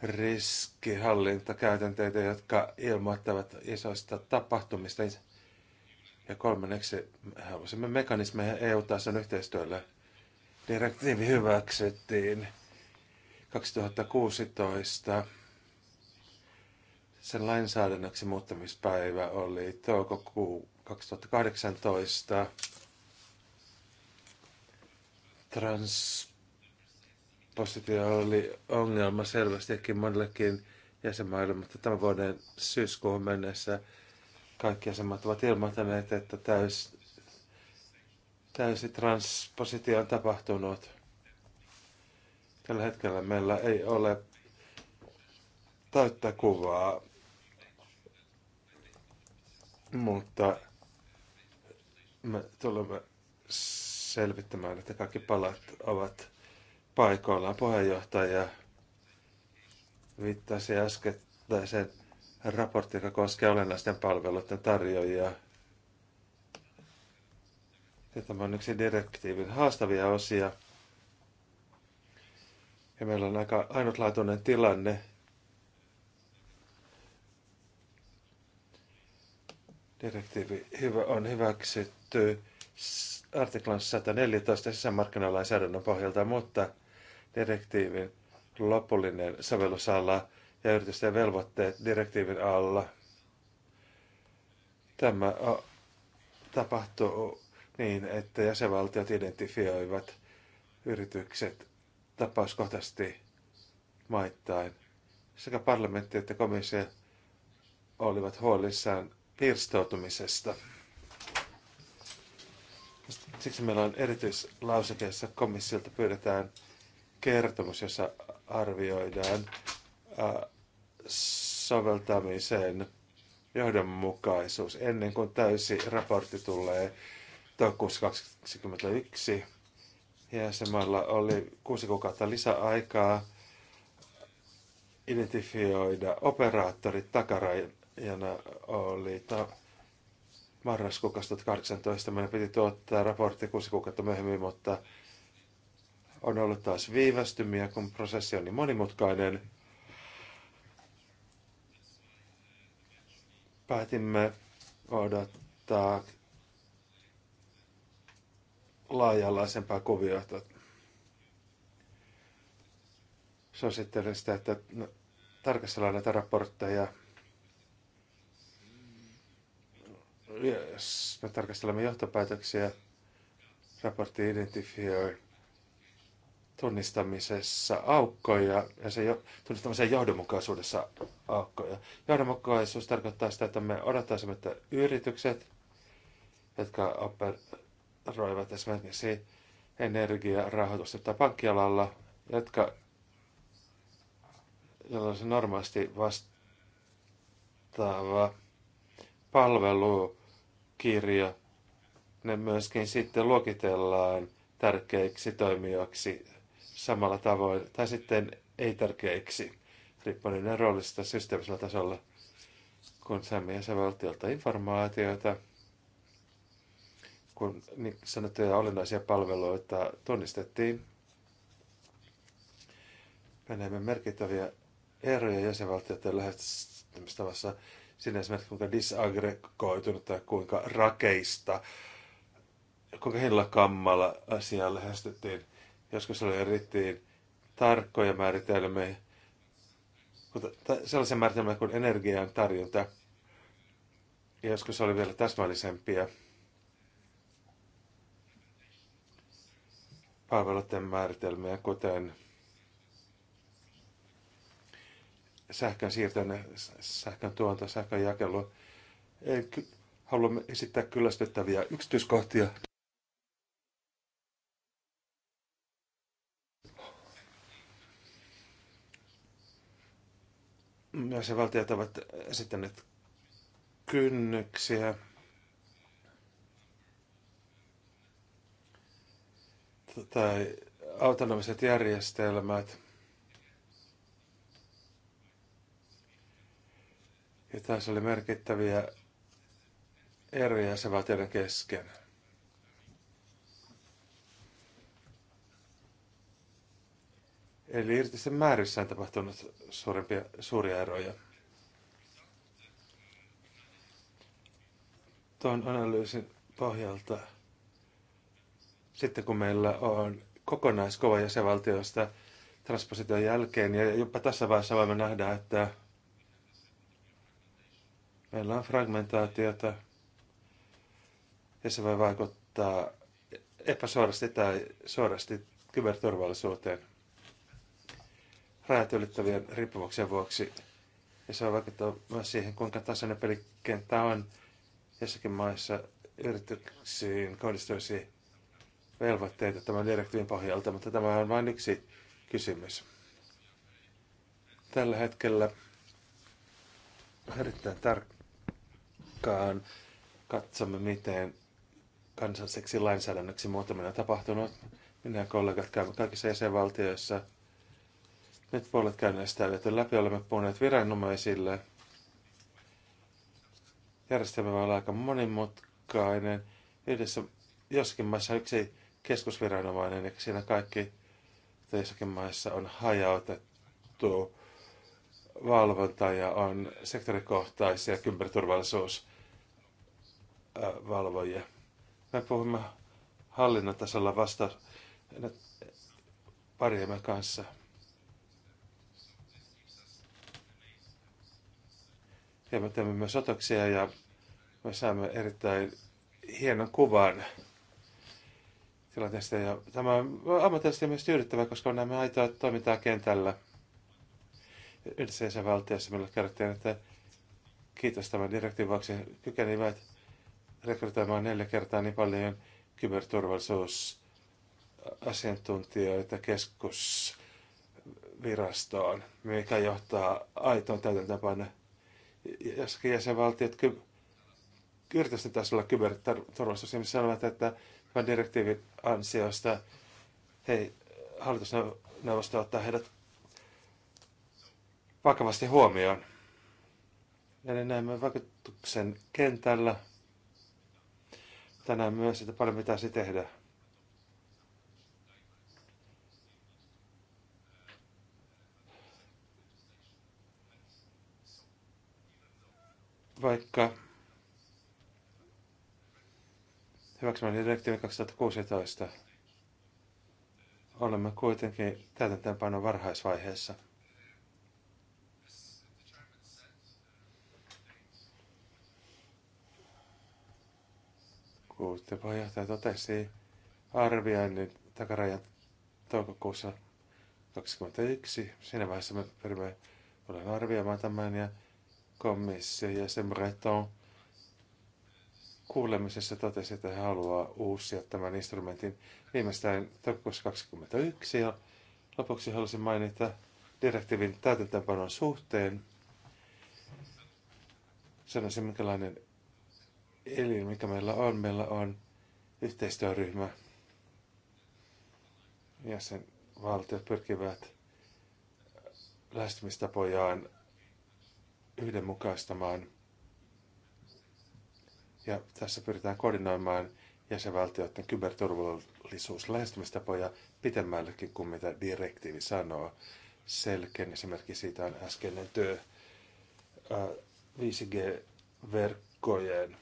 riskihallintakäytänteitä, jotka ilmoittavat isoista tapahtumista. Ja kolmanneksi halusimme mekanismeja EU-tason yhteistyölle. Direktiivi hyväksyttiin 2016 sen lainsäädännöksi muuttamispäivä oli toukokuu 2018. Transpositio oli ongelma selvästikin monellekin jäsenmaille, mutta tämän vuoden syyskuuhun mennessä kaikki jäsenmaat ovat ilmoittaneet, että täys, täysi transpositio on tapahtunut. Tällä hetkellä meillä ei ole täyttä kuvaa mutta me tulemme selvittämään, että kaikki palat ovat paikoillaan. Puheenjohtaja viittasi äskettäisen raportin, joka koskee olennaisten palveluiden tarjoajia. Ja tämä on yksi direktiivin haastavia osia. Ja meillä on aika ainutlaatuinen tilanne – direktiivi on hyväksytty artiklan 114 sisämarkkinalainsäädännön pohjalta, mutta direktiivin lopullinen sovellusala ja yritysten velvoitteet direktiivin alla. Tämä tapahtuu niin, että jäsenvaltiot identifioivat yritykset tapauskohtaisesti maittain. Sekä parlamentti että komissio olivat huolissaan pirstoutumisesta. Siksi meillä on erityislauseke, jossa komissiolta pyydetään kertomus, jossa arvioidaan soveltamisen johdonmukaisuus ennen kuin täysi raportti tulee toukokuussa 2021. Jäsenmailla oli kuusi kuukautta lisäaikaa identifioida operaattorit takarajan Jana oli ta- marraskuun 2018. Meidän piti tuottaa raportti kuusi kuukautta myöhemmin, mutta on ollut taas viivästymiä, kun prosessi on niin monimutkainen. Päätimme odottaa laajalaisempaa kuviota. Suosittelen sitä, että no, tarkastellaan näitä raportteja jos me tarkastelemme johtopäätöksiä, raportti identifioi tunnistamisessa aukkoja ja se jo, tunnistamisen johdonmukaisuudessa aukkoja. Johdonmukaisuus tarkoittaa sitä, että me odottaisimme, että yritykset, jotka operoivat esimerkiksi energia, rahoitusta tai pankkialalla, jotka jolla se normaalisti vastaava palvelu kirjo, ne myöskin sitten luokitellaan tärkeiksi toimijaksi samalla tavoin, tai sitten ei-tärkeiksi, riippuen niiden roolista systeemisellä tasolla, kun saamme jäsenvaltiolta informaatiota, kun niin sanottuja olennaisia palveluita tunnistettiin. Me näemme merkittäviä eroja jäsenvaltioiden lähestymistavassa sinne esimerkiksi kuinka disaggregoitunut tai kuinka rakeista, kuinka hienolla kammalla asiaa lähestyttiin. Joskus oli erittäin tarkkoja määritelmiä, mutta sellaisia määritelmiä kuin energian tarjonta. Ja joskus oli vielä täsmällisempiä palveluiden määritelmiä, kuten sähkön siirtona, sähkön tuonto, sähkön jakelu. En ky- esittää kyllästyttäviä yksityiskohtia. Myös valtiot ovat esittäneet kynnyksiä. tai autonomiset järjestelmät – Ja tässä oli merkittäviä eroja jäsenvaltioiden kesken. Eli irtisten määrissä on tapahtunut suurimpia, suuria eroja. Tuon analyysin pohjalta, sitten kun meillä on kokonaiskova jäsenvaltioista transposition jälkeen, ja jopa tässä vaiheessa voimme nähdä, että Meillä on fragmentaatiota ja se voi vaikuttaa epäsuorasti tai suorasti kyberturvallisuuteen rajat ylittävien riippuvuuksien vuoksi. Ja se on vaikuttaa myös siihen, kuinka tasainen pelikenttä on jossakin maissa yrityksiin kohdistuisi velvoitteita tämän direktiivin pohjalta, mutta tämä on vain yksi kysymys. Tällä hetkellä erittäin tärkeä tarkkaan katsomme, miten kansalliseksi lainsäädännöksi muutaminen on tapahtunut. Minä ja kollegat käymme kaikissa jäsenvaltioissa. Nyt puolet käynnistä läpi olemme puhuneet viranomaisille. Järjestelmä on aika monimutkainen. Yhdessä jossakin maissa on yksi keskusviranomainen, eli siinä kaikki, jossakin maissa on hajautettu valvonta ja on sektorikohtaisia kyberturvallisuusvalvojia. Me puhumme hallinnon tasolla vasta pariemme kanssa. Ja me teemme myös otoksia ja me saamme erittäin hienon kuvan tilanteesta. Ja tämä on ammatillisesti myös tyydyttävä, koska näemme aitoa toimintaa kentällä – edellisessä jäsenvaltiossa millä kerrottiin, että kiitos tämän direktiivin vuoksi kykenivät rekrytoimaan neljä kertaa niin paljon kyberturvallisuusasiantuntijoita keskusvirastoon, mikä johtaa aitoon täytäntöpäin. Jossakin jäsenvaltiot ky- yritysten tasolla kyberturvallisuus sanovat, että tämän direktiivin ansiosta hei, hallitusneuvosto ottaa heidät vakavasti huomioon. Ja näemme vaikutuksen kentällä tänään myös, että paljon pitäisi tehdä. Vaikka hyväksymään direktiivin 2016 olemme kuitenkin täytäntöönpanon varhaisvaiheessa – kuten puheenjohtaja totesi, arvioinnin takarajan toukokuussa 2021. Siinä vaiheessa me pyrimme olen arvioimaan tämän ja komissio ja sen Breton kuulemisessa totesi, että he haluaa uusia tämän instrumentin viimeistään toukokuussa 2021. Ja lopuksi halusin mainita direktiivin täytäntöönpanon suhteen. Sanoisin, minkälainen elin, mikä meillä on, meillä on yhteistyöryhmä. Jäsenvaltiot pyrkivät lähestymistapojaan yhdenmukaistamaan. Ja tässä pyritään koordinoimaan jäsenvaltioiden lähestymistapoja pitemmällekin kuin mitä direktiivi sanoo. Selkeän esimerkki siitä on äskeinen työ 5G-verkkojen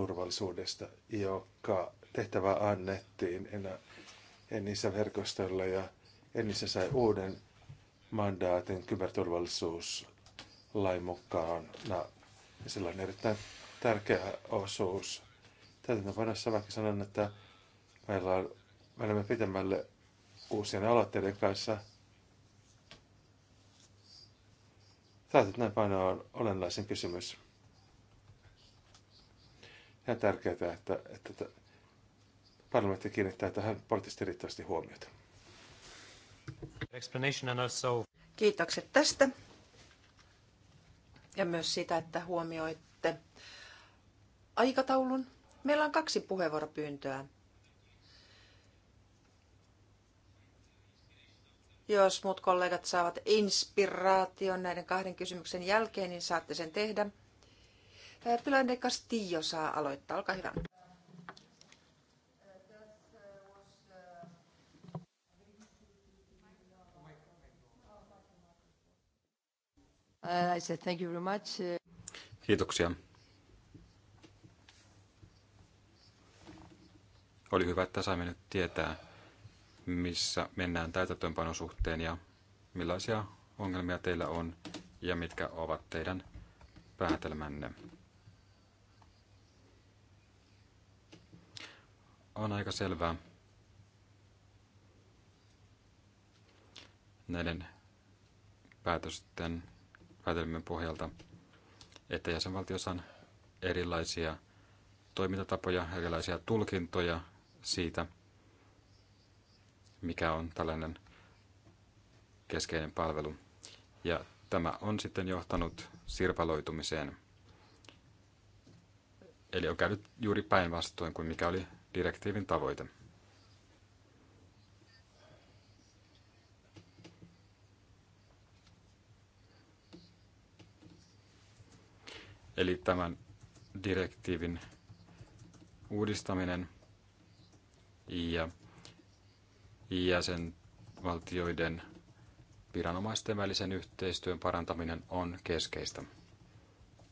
turvallisuudesta, joka tehtävä annettiin Ennissä verkostolla ja Ennissä sai uuden mandaatin kyberturvallisuuslain mukaan. No, ja sillä on erittäin tärkeä osuus. Täytäntöpanossa vaikka sanon, että meillä on, menemme pitemmälle uusien aloitteiden kanssa. Täytäntöpano on olennaisin kysymys on tärkeää, että, että parlamentti kiinnittää tähän poliittisesti riittävästi huomiota. Kiitokset tästä ja myös sitä, että huomioitte aikataulun. Meillä on kaksi puheenvuoropyyntöä. Jos muut kollegat saavat inspiraation näiden kahden kysymyksen jälkeen, niin saatte sen tehdä. Pilar de saa aloittaa, olkaa hyvä. Uh, thank you very much. Uh, Kiitoksia. Oli hyvä, että saimme nyt tietää, missä mennään täytäntöönpanon suhteen ja millaisia ongelmia teillä on ja mitkä ovat teidän päätelmänne. on aika selvää näiden päätösten päätelmien pohjalta, että jäsenvaltiossa on erilaisia toimintatapoja, erilaisia tulkintoja siitä, mikä on tällainen keskeinen palvelu. Ja tämä on sitten johtanut sirpaloitumiseen. Eli on käynyt juuri päinvastoin kuin mikä oli direktiivin tavoite. Eli tämän direktiivin uudistaminen ja jäsenvaltioiden viranomaisten välisen yhteistyön parantaminen on keskeistä.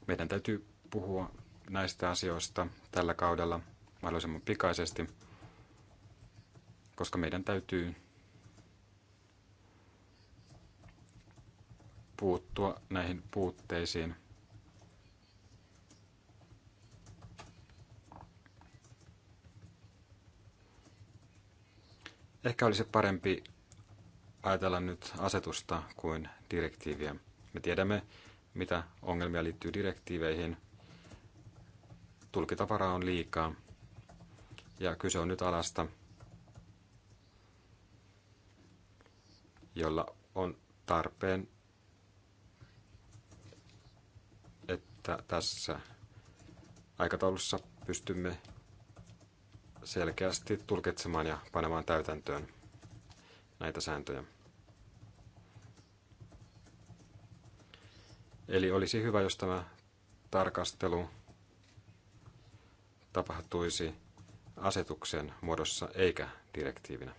Meidän täytyy puhua näistä asioista tällä kaudella – mahdollisimman pikaisesti, koska meidän täytyy puuttua näihin puutteisiin. Ehkä olisi parempi ajatella nyt asetusta kuin direktiiviä. Me tiedämme, mitä ongelmia liittyy direktiiveihin. Tulkitavaraa on liikaa. Ja kyse on nyt alasta, jolla on tarpeen, että tässä aikataulussa pystymme selkeästi tulkitsemaan ja panemaan täytäntöön näitä sääntöjä. Eli olisi hyvä, jos tämä tarkastelu tapahtuisi asetuksen muodossa eikä direktiivinä.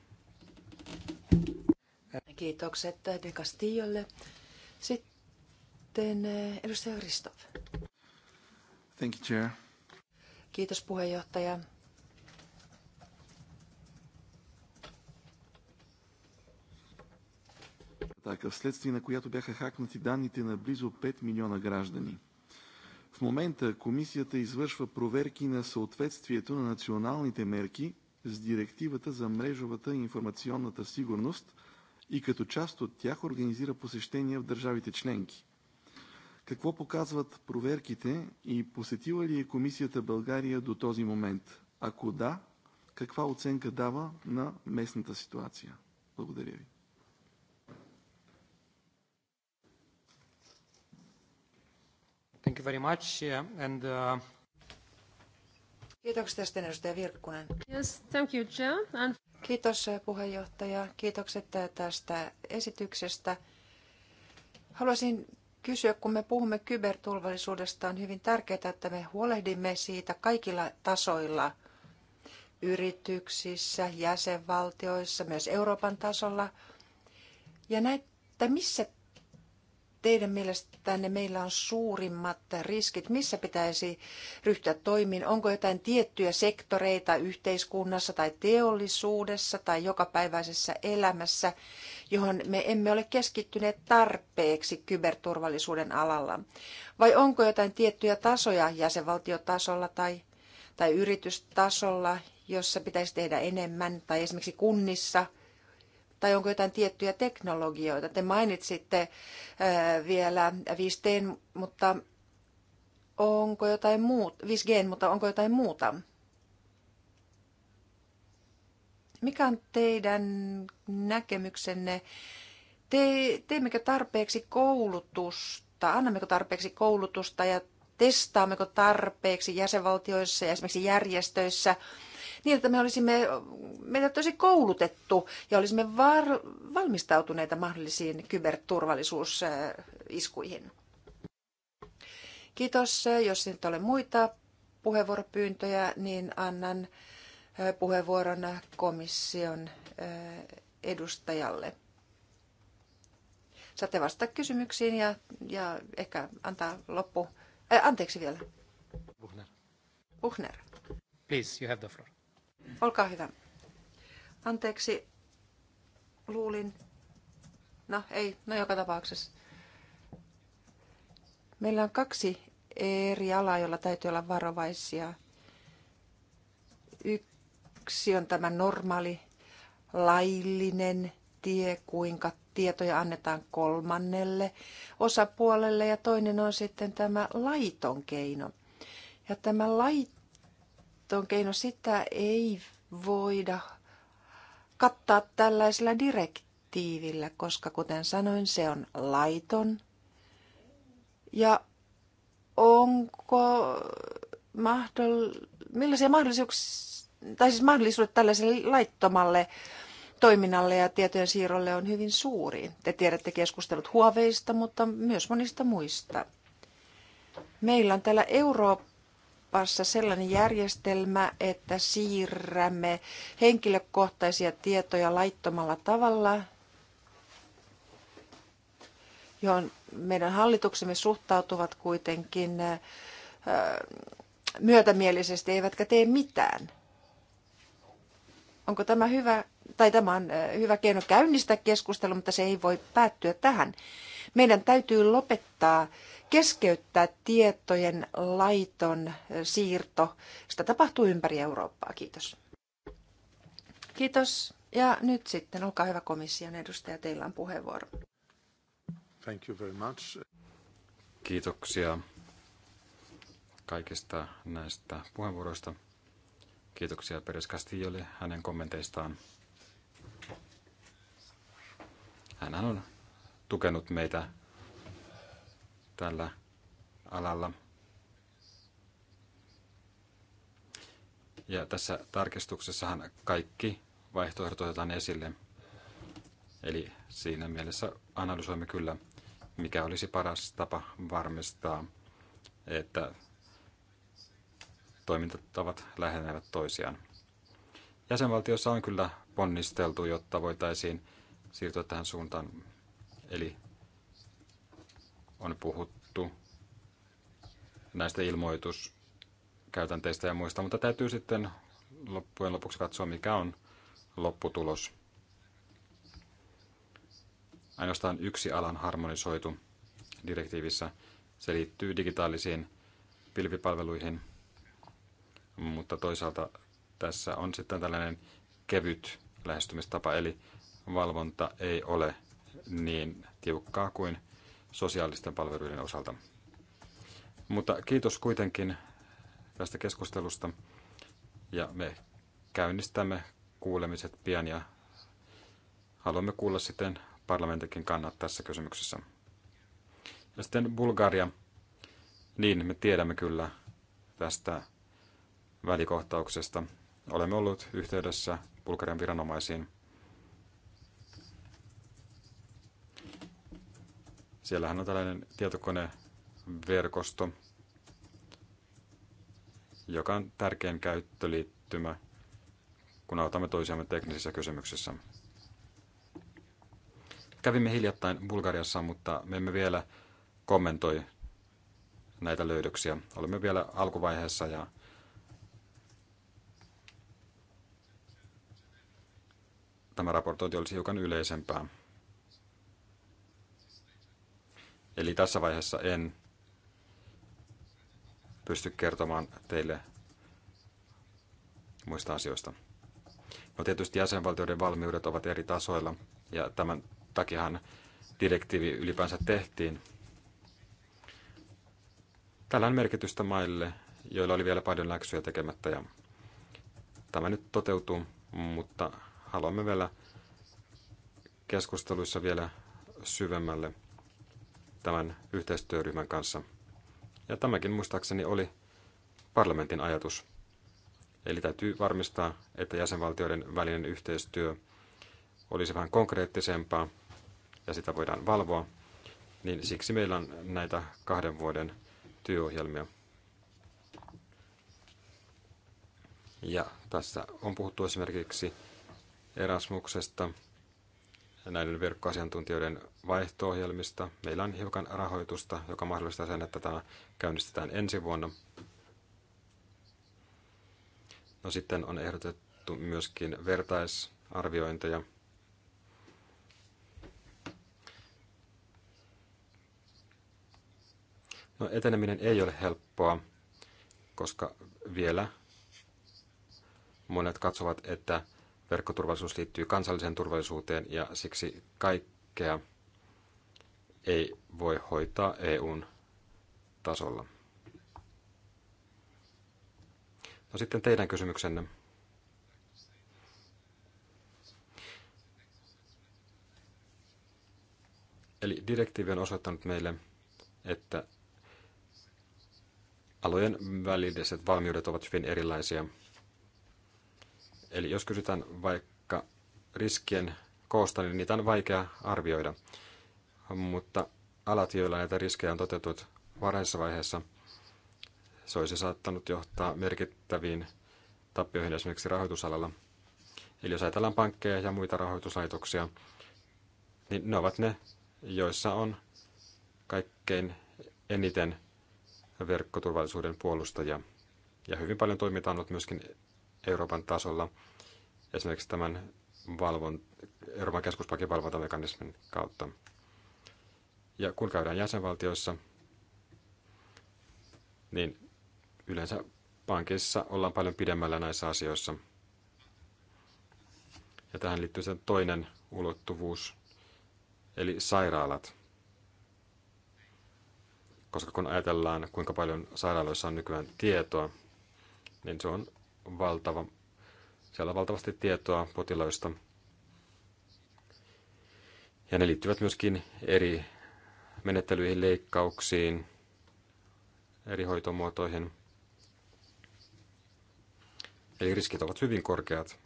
Kiitokset De Castillolle. Sitten eh, edustaja Ristov. Thank you, Chair. Kiitos puheenjohtaja. Так, вследствие на която бяха хакнати данните на близо 5 милиона граждани – В момента комисията извършва проверки на съответствието на националните мерки с директивата за мрежовата и информационната сигурност и като част от тях организира посещения в държавите членки. Какво показват проверките и посетила ли е комисията България до този момент? Ако да, каква оценка дава на местната ситуация? Благодаря ви. Thank you very much. Yeah, and, uh... Kiitoksia tästä edustaja Virkkunen. Yes, thank you, Chair. Kiitos eh, puheenjohtaja. Kiitokset eh, tästä esityksestä. Haluaisin kysyä, kun me puhumme kyberturvallisuudesta, on hyvin tärkeää, että me huolehdimme siitä kaikilla tasoilla – yrityksissä, jäsenvaltioissa, myös Euroopan tasolla. Ja näitä, missä teidän mielestänne meillä on suurimmat riskit? Missä pitäisi ryhtyä toimiin? Onko jotain tiettyjä sektoreita yhteiskunnassa tai teollisuudessa tai jokapäiväisessä elämässä, johon me emme ole keskittyneet tarpeeksi kyberturvallisuuden alalla? Vai onko jotain tiettyjä tasoja jäsenvaltiotasolla tai, tai yritystasolla, jossa pitäisi tehdä enemmän tai esimerkiksi kunnissa – tai onko jotain tiettyjä teknologioita? Te mainitsitte vielä 5G, mutta onko jotain muuta, 5G, mutta onko jotain muuta? Mikä on teidän näkemyksenne? Te, teemmekö tarpeeksi koulutusta, annammeko tarpeeksi koulutusta ja testaammeko tarpeeksi jäsenvaltioissa ja esimerkiksi järjestöissä niin, että me olisimme, meitä tosi koulutettu ja olisimme var, valmistautuneita mahdollisiin kyberturvallisuusiskuihin. Kiitos. Jos nyt ole muita puheenvuoropyyntöjä, niin annan puheenvuoron komission edustajalle. Saatte vastata kysymyksiin ja, ja ehkä antaa loppu. Äh, anteeksi vielä. Buchner. Buchner. Please, you have the floor. Olkaa hyvä. Anteeksi, luulin. No ei, no joka tapauksessa. Meillä on kaksi eri alaa, joilla täytyy olla varovaisia. Yksi on tämä normaali, laillinen tie, kuinka tietoja annetaan kolmannelle osapuolelle ja toinen on sitten tämä laiton keino. Ja tämä laiton keino sitä ei voida kattaa tällaisella direktiivillä, koska kuten sanoin, se on laiton. Ja onko mahdoll- millaisia mahdollisuuksia, tai siis mahdollisuudet tällaiselle laittomalle toiminnalle ja tietojen siirrolle on hyvin suuri. Te tiedätte keskustelut huoveista, mutta myös monista muista. Meillä on täällä Eurooppa Euroopassa sellainen järjestelmä, että siirrämme henkilökohtaisia tietoja laittomalla tavalla, johon meidän hallituksemme suhtautuvat kuitenkin myötämielisesti eivätkä tee mitään. Onko tämä hyvä, tai tämä on hyvä keino käynnistää keskustelua, mutta se ei voi päättyä tähän. Meidän täytyy lopettaa keskeyttää tietojen laiton siirto. Sitä tapahtuu ympäri Eurooppaa. Kiitos. Kiitos. Ja nyt sitten, olkaa hyvä komission edustaja, teillä on puheenvuoro. Thank you very much. Kiitoksia kaikista näistä puheenvuoroista. Kiitoksia Peres Castillolle hänen kommenteistaan. Hän on tukenut meitä tällä alalla. Ja tässä tarkistuksessahan kaikki vaihtoehdot otetaan esille. Eli siinä mielessä analysoimme kyllä, mikä olisi paras tapa varmistaa, että toimintatavat lähenevät toisiaan. Jäsenvaltiossa on kyllä ponnisteltu, jotta voitaisiin siirtyä tähän suuntaan. Eli on puhuttu näistä ilmoituskäytänteistä ja muista, mutta täytyy sitten loppujen lopuksi katsoa, mikä on lopputulos. Ainoastaan yksi alan harmonisoitu direktiivissä. Se liittyy digitaalisiin pilvipalveluihin, mutta toisaalta tässä on sitten tällainen kevyt lähestymistapa, eli valvonta ei ole niin tiukkaa kuin sosiaalisten palveluiden osalta. Mutta kiitos kuitenkin tästä keskustelusta ja me käynnistämme kuulemiset pian ja haluamme kuulla sitten parlamentikin kannat tässä kysymyksessä. Ja sitten Bulgaria. Niin, me tiedämme kyllä tästä välikohtauksesta. Olemme olleet yhteydessä Bulgarian viranomaisiin. Siellähän on tällainen tietokoneverkosto, joka on tärkein käyttöliittymä, kun autamme toisiamme teknisissä kysymyksissä. Kävimme hiljattain Bulgariassa, mutta me emme vielä kommentoi näitä löydöksiä. Olemme vielä alkuvaiheessa ja tämä raportointi olisi hiukan yleisempää. Eli tässä vaiheessa en pysty kertomaan teille muista asioista. No tietysti jäsenvaltioiden valmiudet ovat eri tasoilla ja tämän takiahan direktiivi ylipäänsä tehtiin. Tällä on merkitystä maille, joilla oli vielä paljon läksyjä tekemättä ja tämä nyt toteutuu, mutta haluamme vielä keskusteluissa vielä syvemmälle – tämän yhteistyöryhmän kanssa. Ja tämäkin muistaakseni oli parlamentin ajatus. Eli täytyy varmistaa, että jäsenvaltioiden välinen yhteistyö olisi vähän konkreettisempaa ja sitä voidaan valvoa. Niin siksi meillä on näitä kahden vuoden työohjelmia. Ja tässä on puhuttu esimerkiksi Erasmuksesta – näiden verkkoasiantuntijoiden vaihto-ohjelmista. Meillä on hiukan rahoitusta, joka mahdollistaa sen, että tämä käynnistetään ensi vuonna. No sitten on ehdotettu myöskin vertaisarviointeja. No eteneminen ei ole helppoa, koska vielä monet katsovat, että Verkkoturvallisuus liittyy kansalliseen turvallisuuteen ja siksi kaikkea ei voi hoitaa EUn tasolla. No sitten teidän kysymyksenne. Eli direktiivi on osoittanut meille, että alojen väliset valmiudet ovat hyvin erilaisia – Eli jos kysytään vaikka riskien koosta, niin niitä on vaikea arvioida. Mutta alat, joilla näitä riskejä on toteutunut varhaisessa vaiheessa, se olisi saattanut johtaa merkittäviin tappioihin esimerkiksi rahoitusalalla. Eli jos ajatellaan pankkeja ja muita rahoituslaitoksia, niin ne ovat ne, joissa on kaikkein eniten verkkoturvallisuuden puolustajia. Ja hyvin paljon toimitaan myöskin Euroopan tasolla, esimerkiksi tämän valvon, Euroopan keskuspankin valvontamekanismin kautta. Ja kun käydään jäsenvaltioissa, niin yleensä pankissa ollaan paljon pidemmällä näissä asioissa. Ja tähän liittyy sen toinen ulottuvuus, eli sairaalat. Koska kun ajatellaan, kuinka paljon sairaaloissa on nykyään tietoa, niin se on valtava, siellä on valtavasti tietoa potilaista. Ja ne liittyvät myöskin eri menettelyihin, leikkauksiin, eri hoitomuotoihin. Eli riskit ovat hyvin korkeat.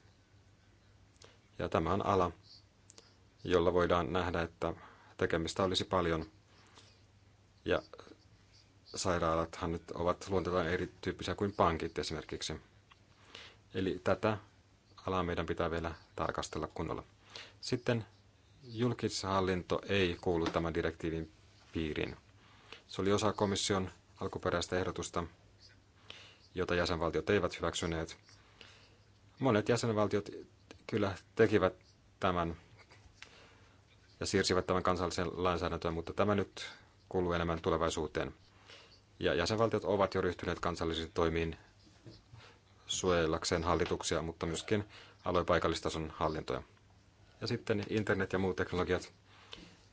Ja tämä on ala, jolla voidaan nähdä, että tekemistä olisi paljon. Ja sairaalathan nyt ovat luonteeltaan erityyppisiä kuin pankit esimerkiksi. Eli tätä alaa meidän pitää vielä tarkastella kunnolla. Sitten julkishallinto ei kuulu tämän direktiivin piiriin. Se oli osa komission alkuperäistä ehdotusta, jota jäsenvaltiot eivät hyväksyneet. Monet jäsenvaltiot kyllä tekivät tämän ja siirsivät tämän kansalliseen lainsäädäntöön, mutta tämä nyt kuuluu enemmän tulevaisuuteen. Ja jäsenvaltiot ovat jo ryhtyneet kansallisiin toimiin suojellakseen hallituksia, mutta myöskin aluepaikallistason hallintoja. Ja sitten internet ja muut teknologiat.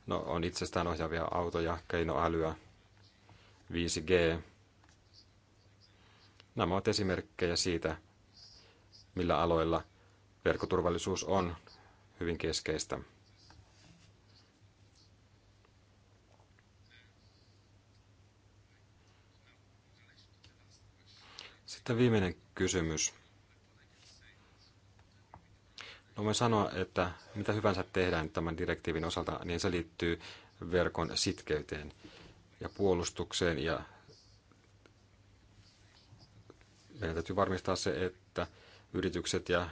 No, on itsestään ohjaavia autoja, keinoälyä, 5G. Nämä ovat esimerkkejä siitä, millä aloilla verkkoturvallisuus on hyvin keskeistä. Sitten viimeinen kysymys. No voin sanoa, että mitä hyvänsä tehdään tämän direktiivin osalta, niin se liittyy verkon sitkeyteen ja puolustukseen. Ja meidän täytyy varmistaa se, että yritykset ja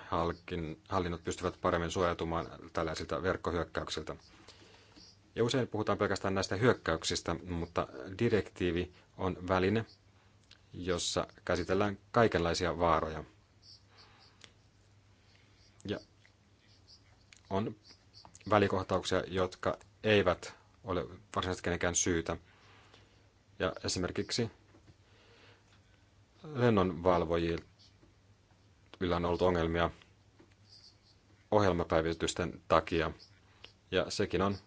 hallinnot pystyvät paremmin suojautumaan tällaisilta verkkohyökkäyksiltä. Ja usein puhutaan pelkästään näistä hyökkäyksistä, mutta direktiivi on väline, jossa käsitellään kaikenlaisia vaaroja. Ja on välikohtauksia, jotka eivät ole varsinaisesti kenenkään syytä. Ja esimerkiksi lennonvalvojilla on ollut ongelmia ohjelmapäivitysten takia, ja sekin on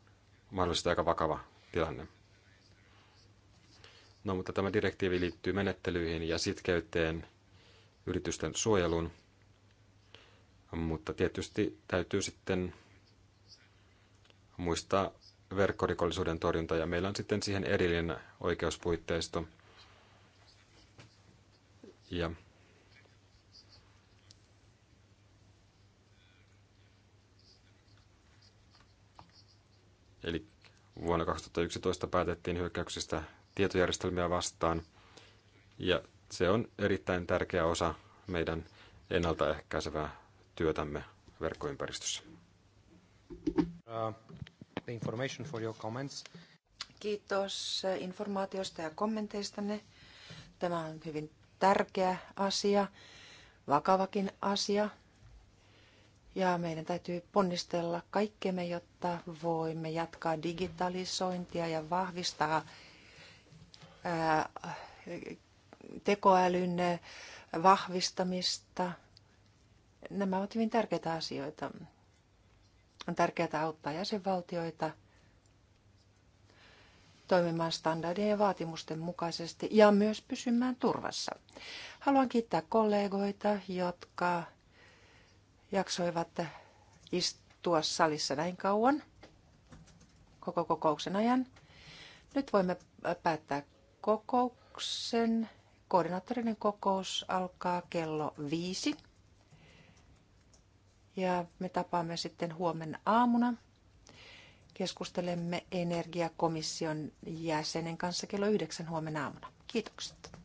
mahdollisesti aika vakava tilanne. No, mutta tämä direktiivi liittyy menettelyihin ja sitkeyteen yritysten suojeluun. Mutta tietysti täytyy sitten muistaa verkkorikollisuuden torjunta ja meillä on sitten siihen erillinen oikeuspuitteisto. Ja Eli vuonna 2011 päätettiin hyökkäyksistä tietojärjestelmiä vastaan. Ja se on erittäin tärkeä osa meidän ennaltaehkäisevää työtämme verkkoympäristössä. Uh, the information for your comments. Kiitos informaatiosta ja kommenteistanne. Tämä on hyvin tärkeä asia, vakavakin asia. Ja meidän täytyy ponnistella kaikkemme, jotta voimme jatkaa digitalisointia ja vahvistaa tekoälyn vahvistamista. Nämä ovat hyvin tärkeitä asioita. On tärkeää auttaa jäsenvaltioita toimimaan standardien ja vaatimusten mukaisesti ja myös pysymään turvassa. Haluan kiittää kollegoita, jotka jaksoivat istua salissa näin kauan koko kokouksen ajan. Nyt voimme päättää kokouksen. Koordinaattorinen kokous alkaa kello viisi. Ja me tapaamme sitten huomenna aamuna. Keskustelemme energiakomission jäsenen kanssa kello yhdeksän huomenna aamuna. Kiitokset.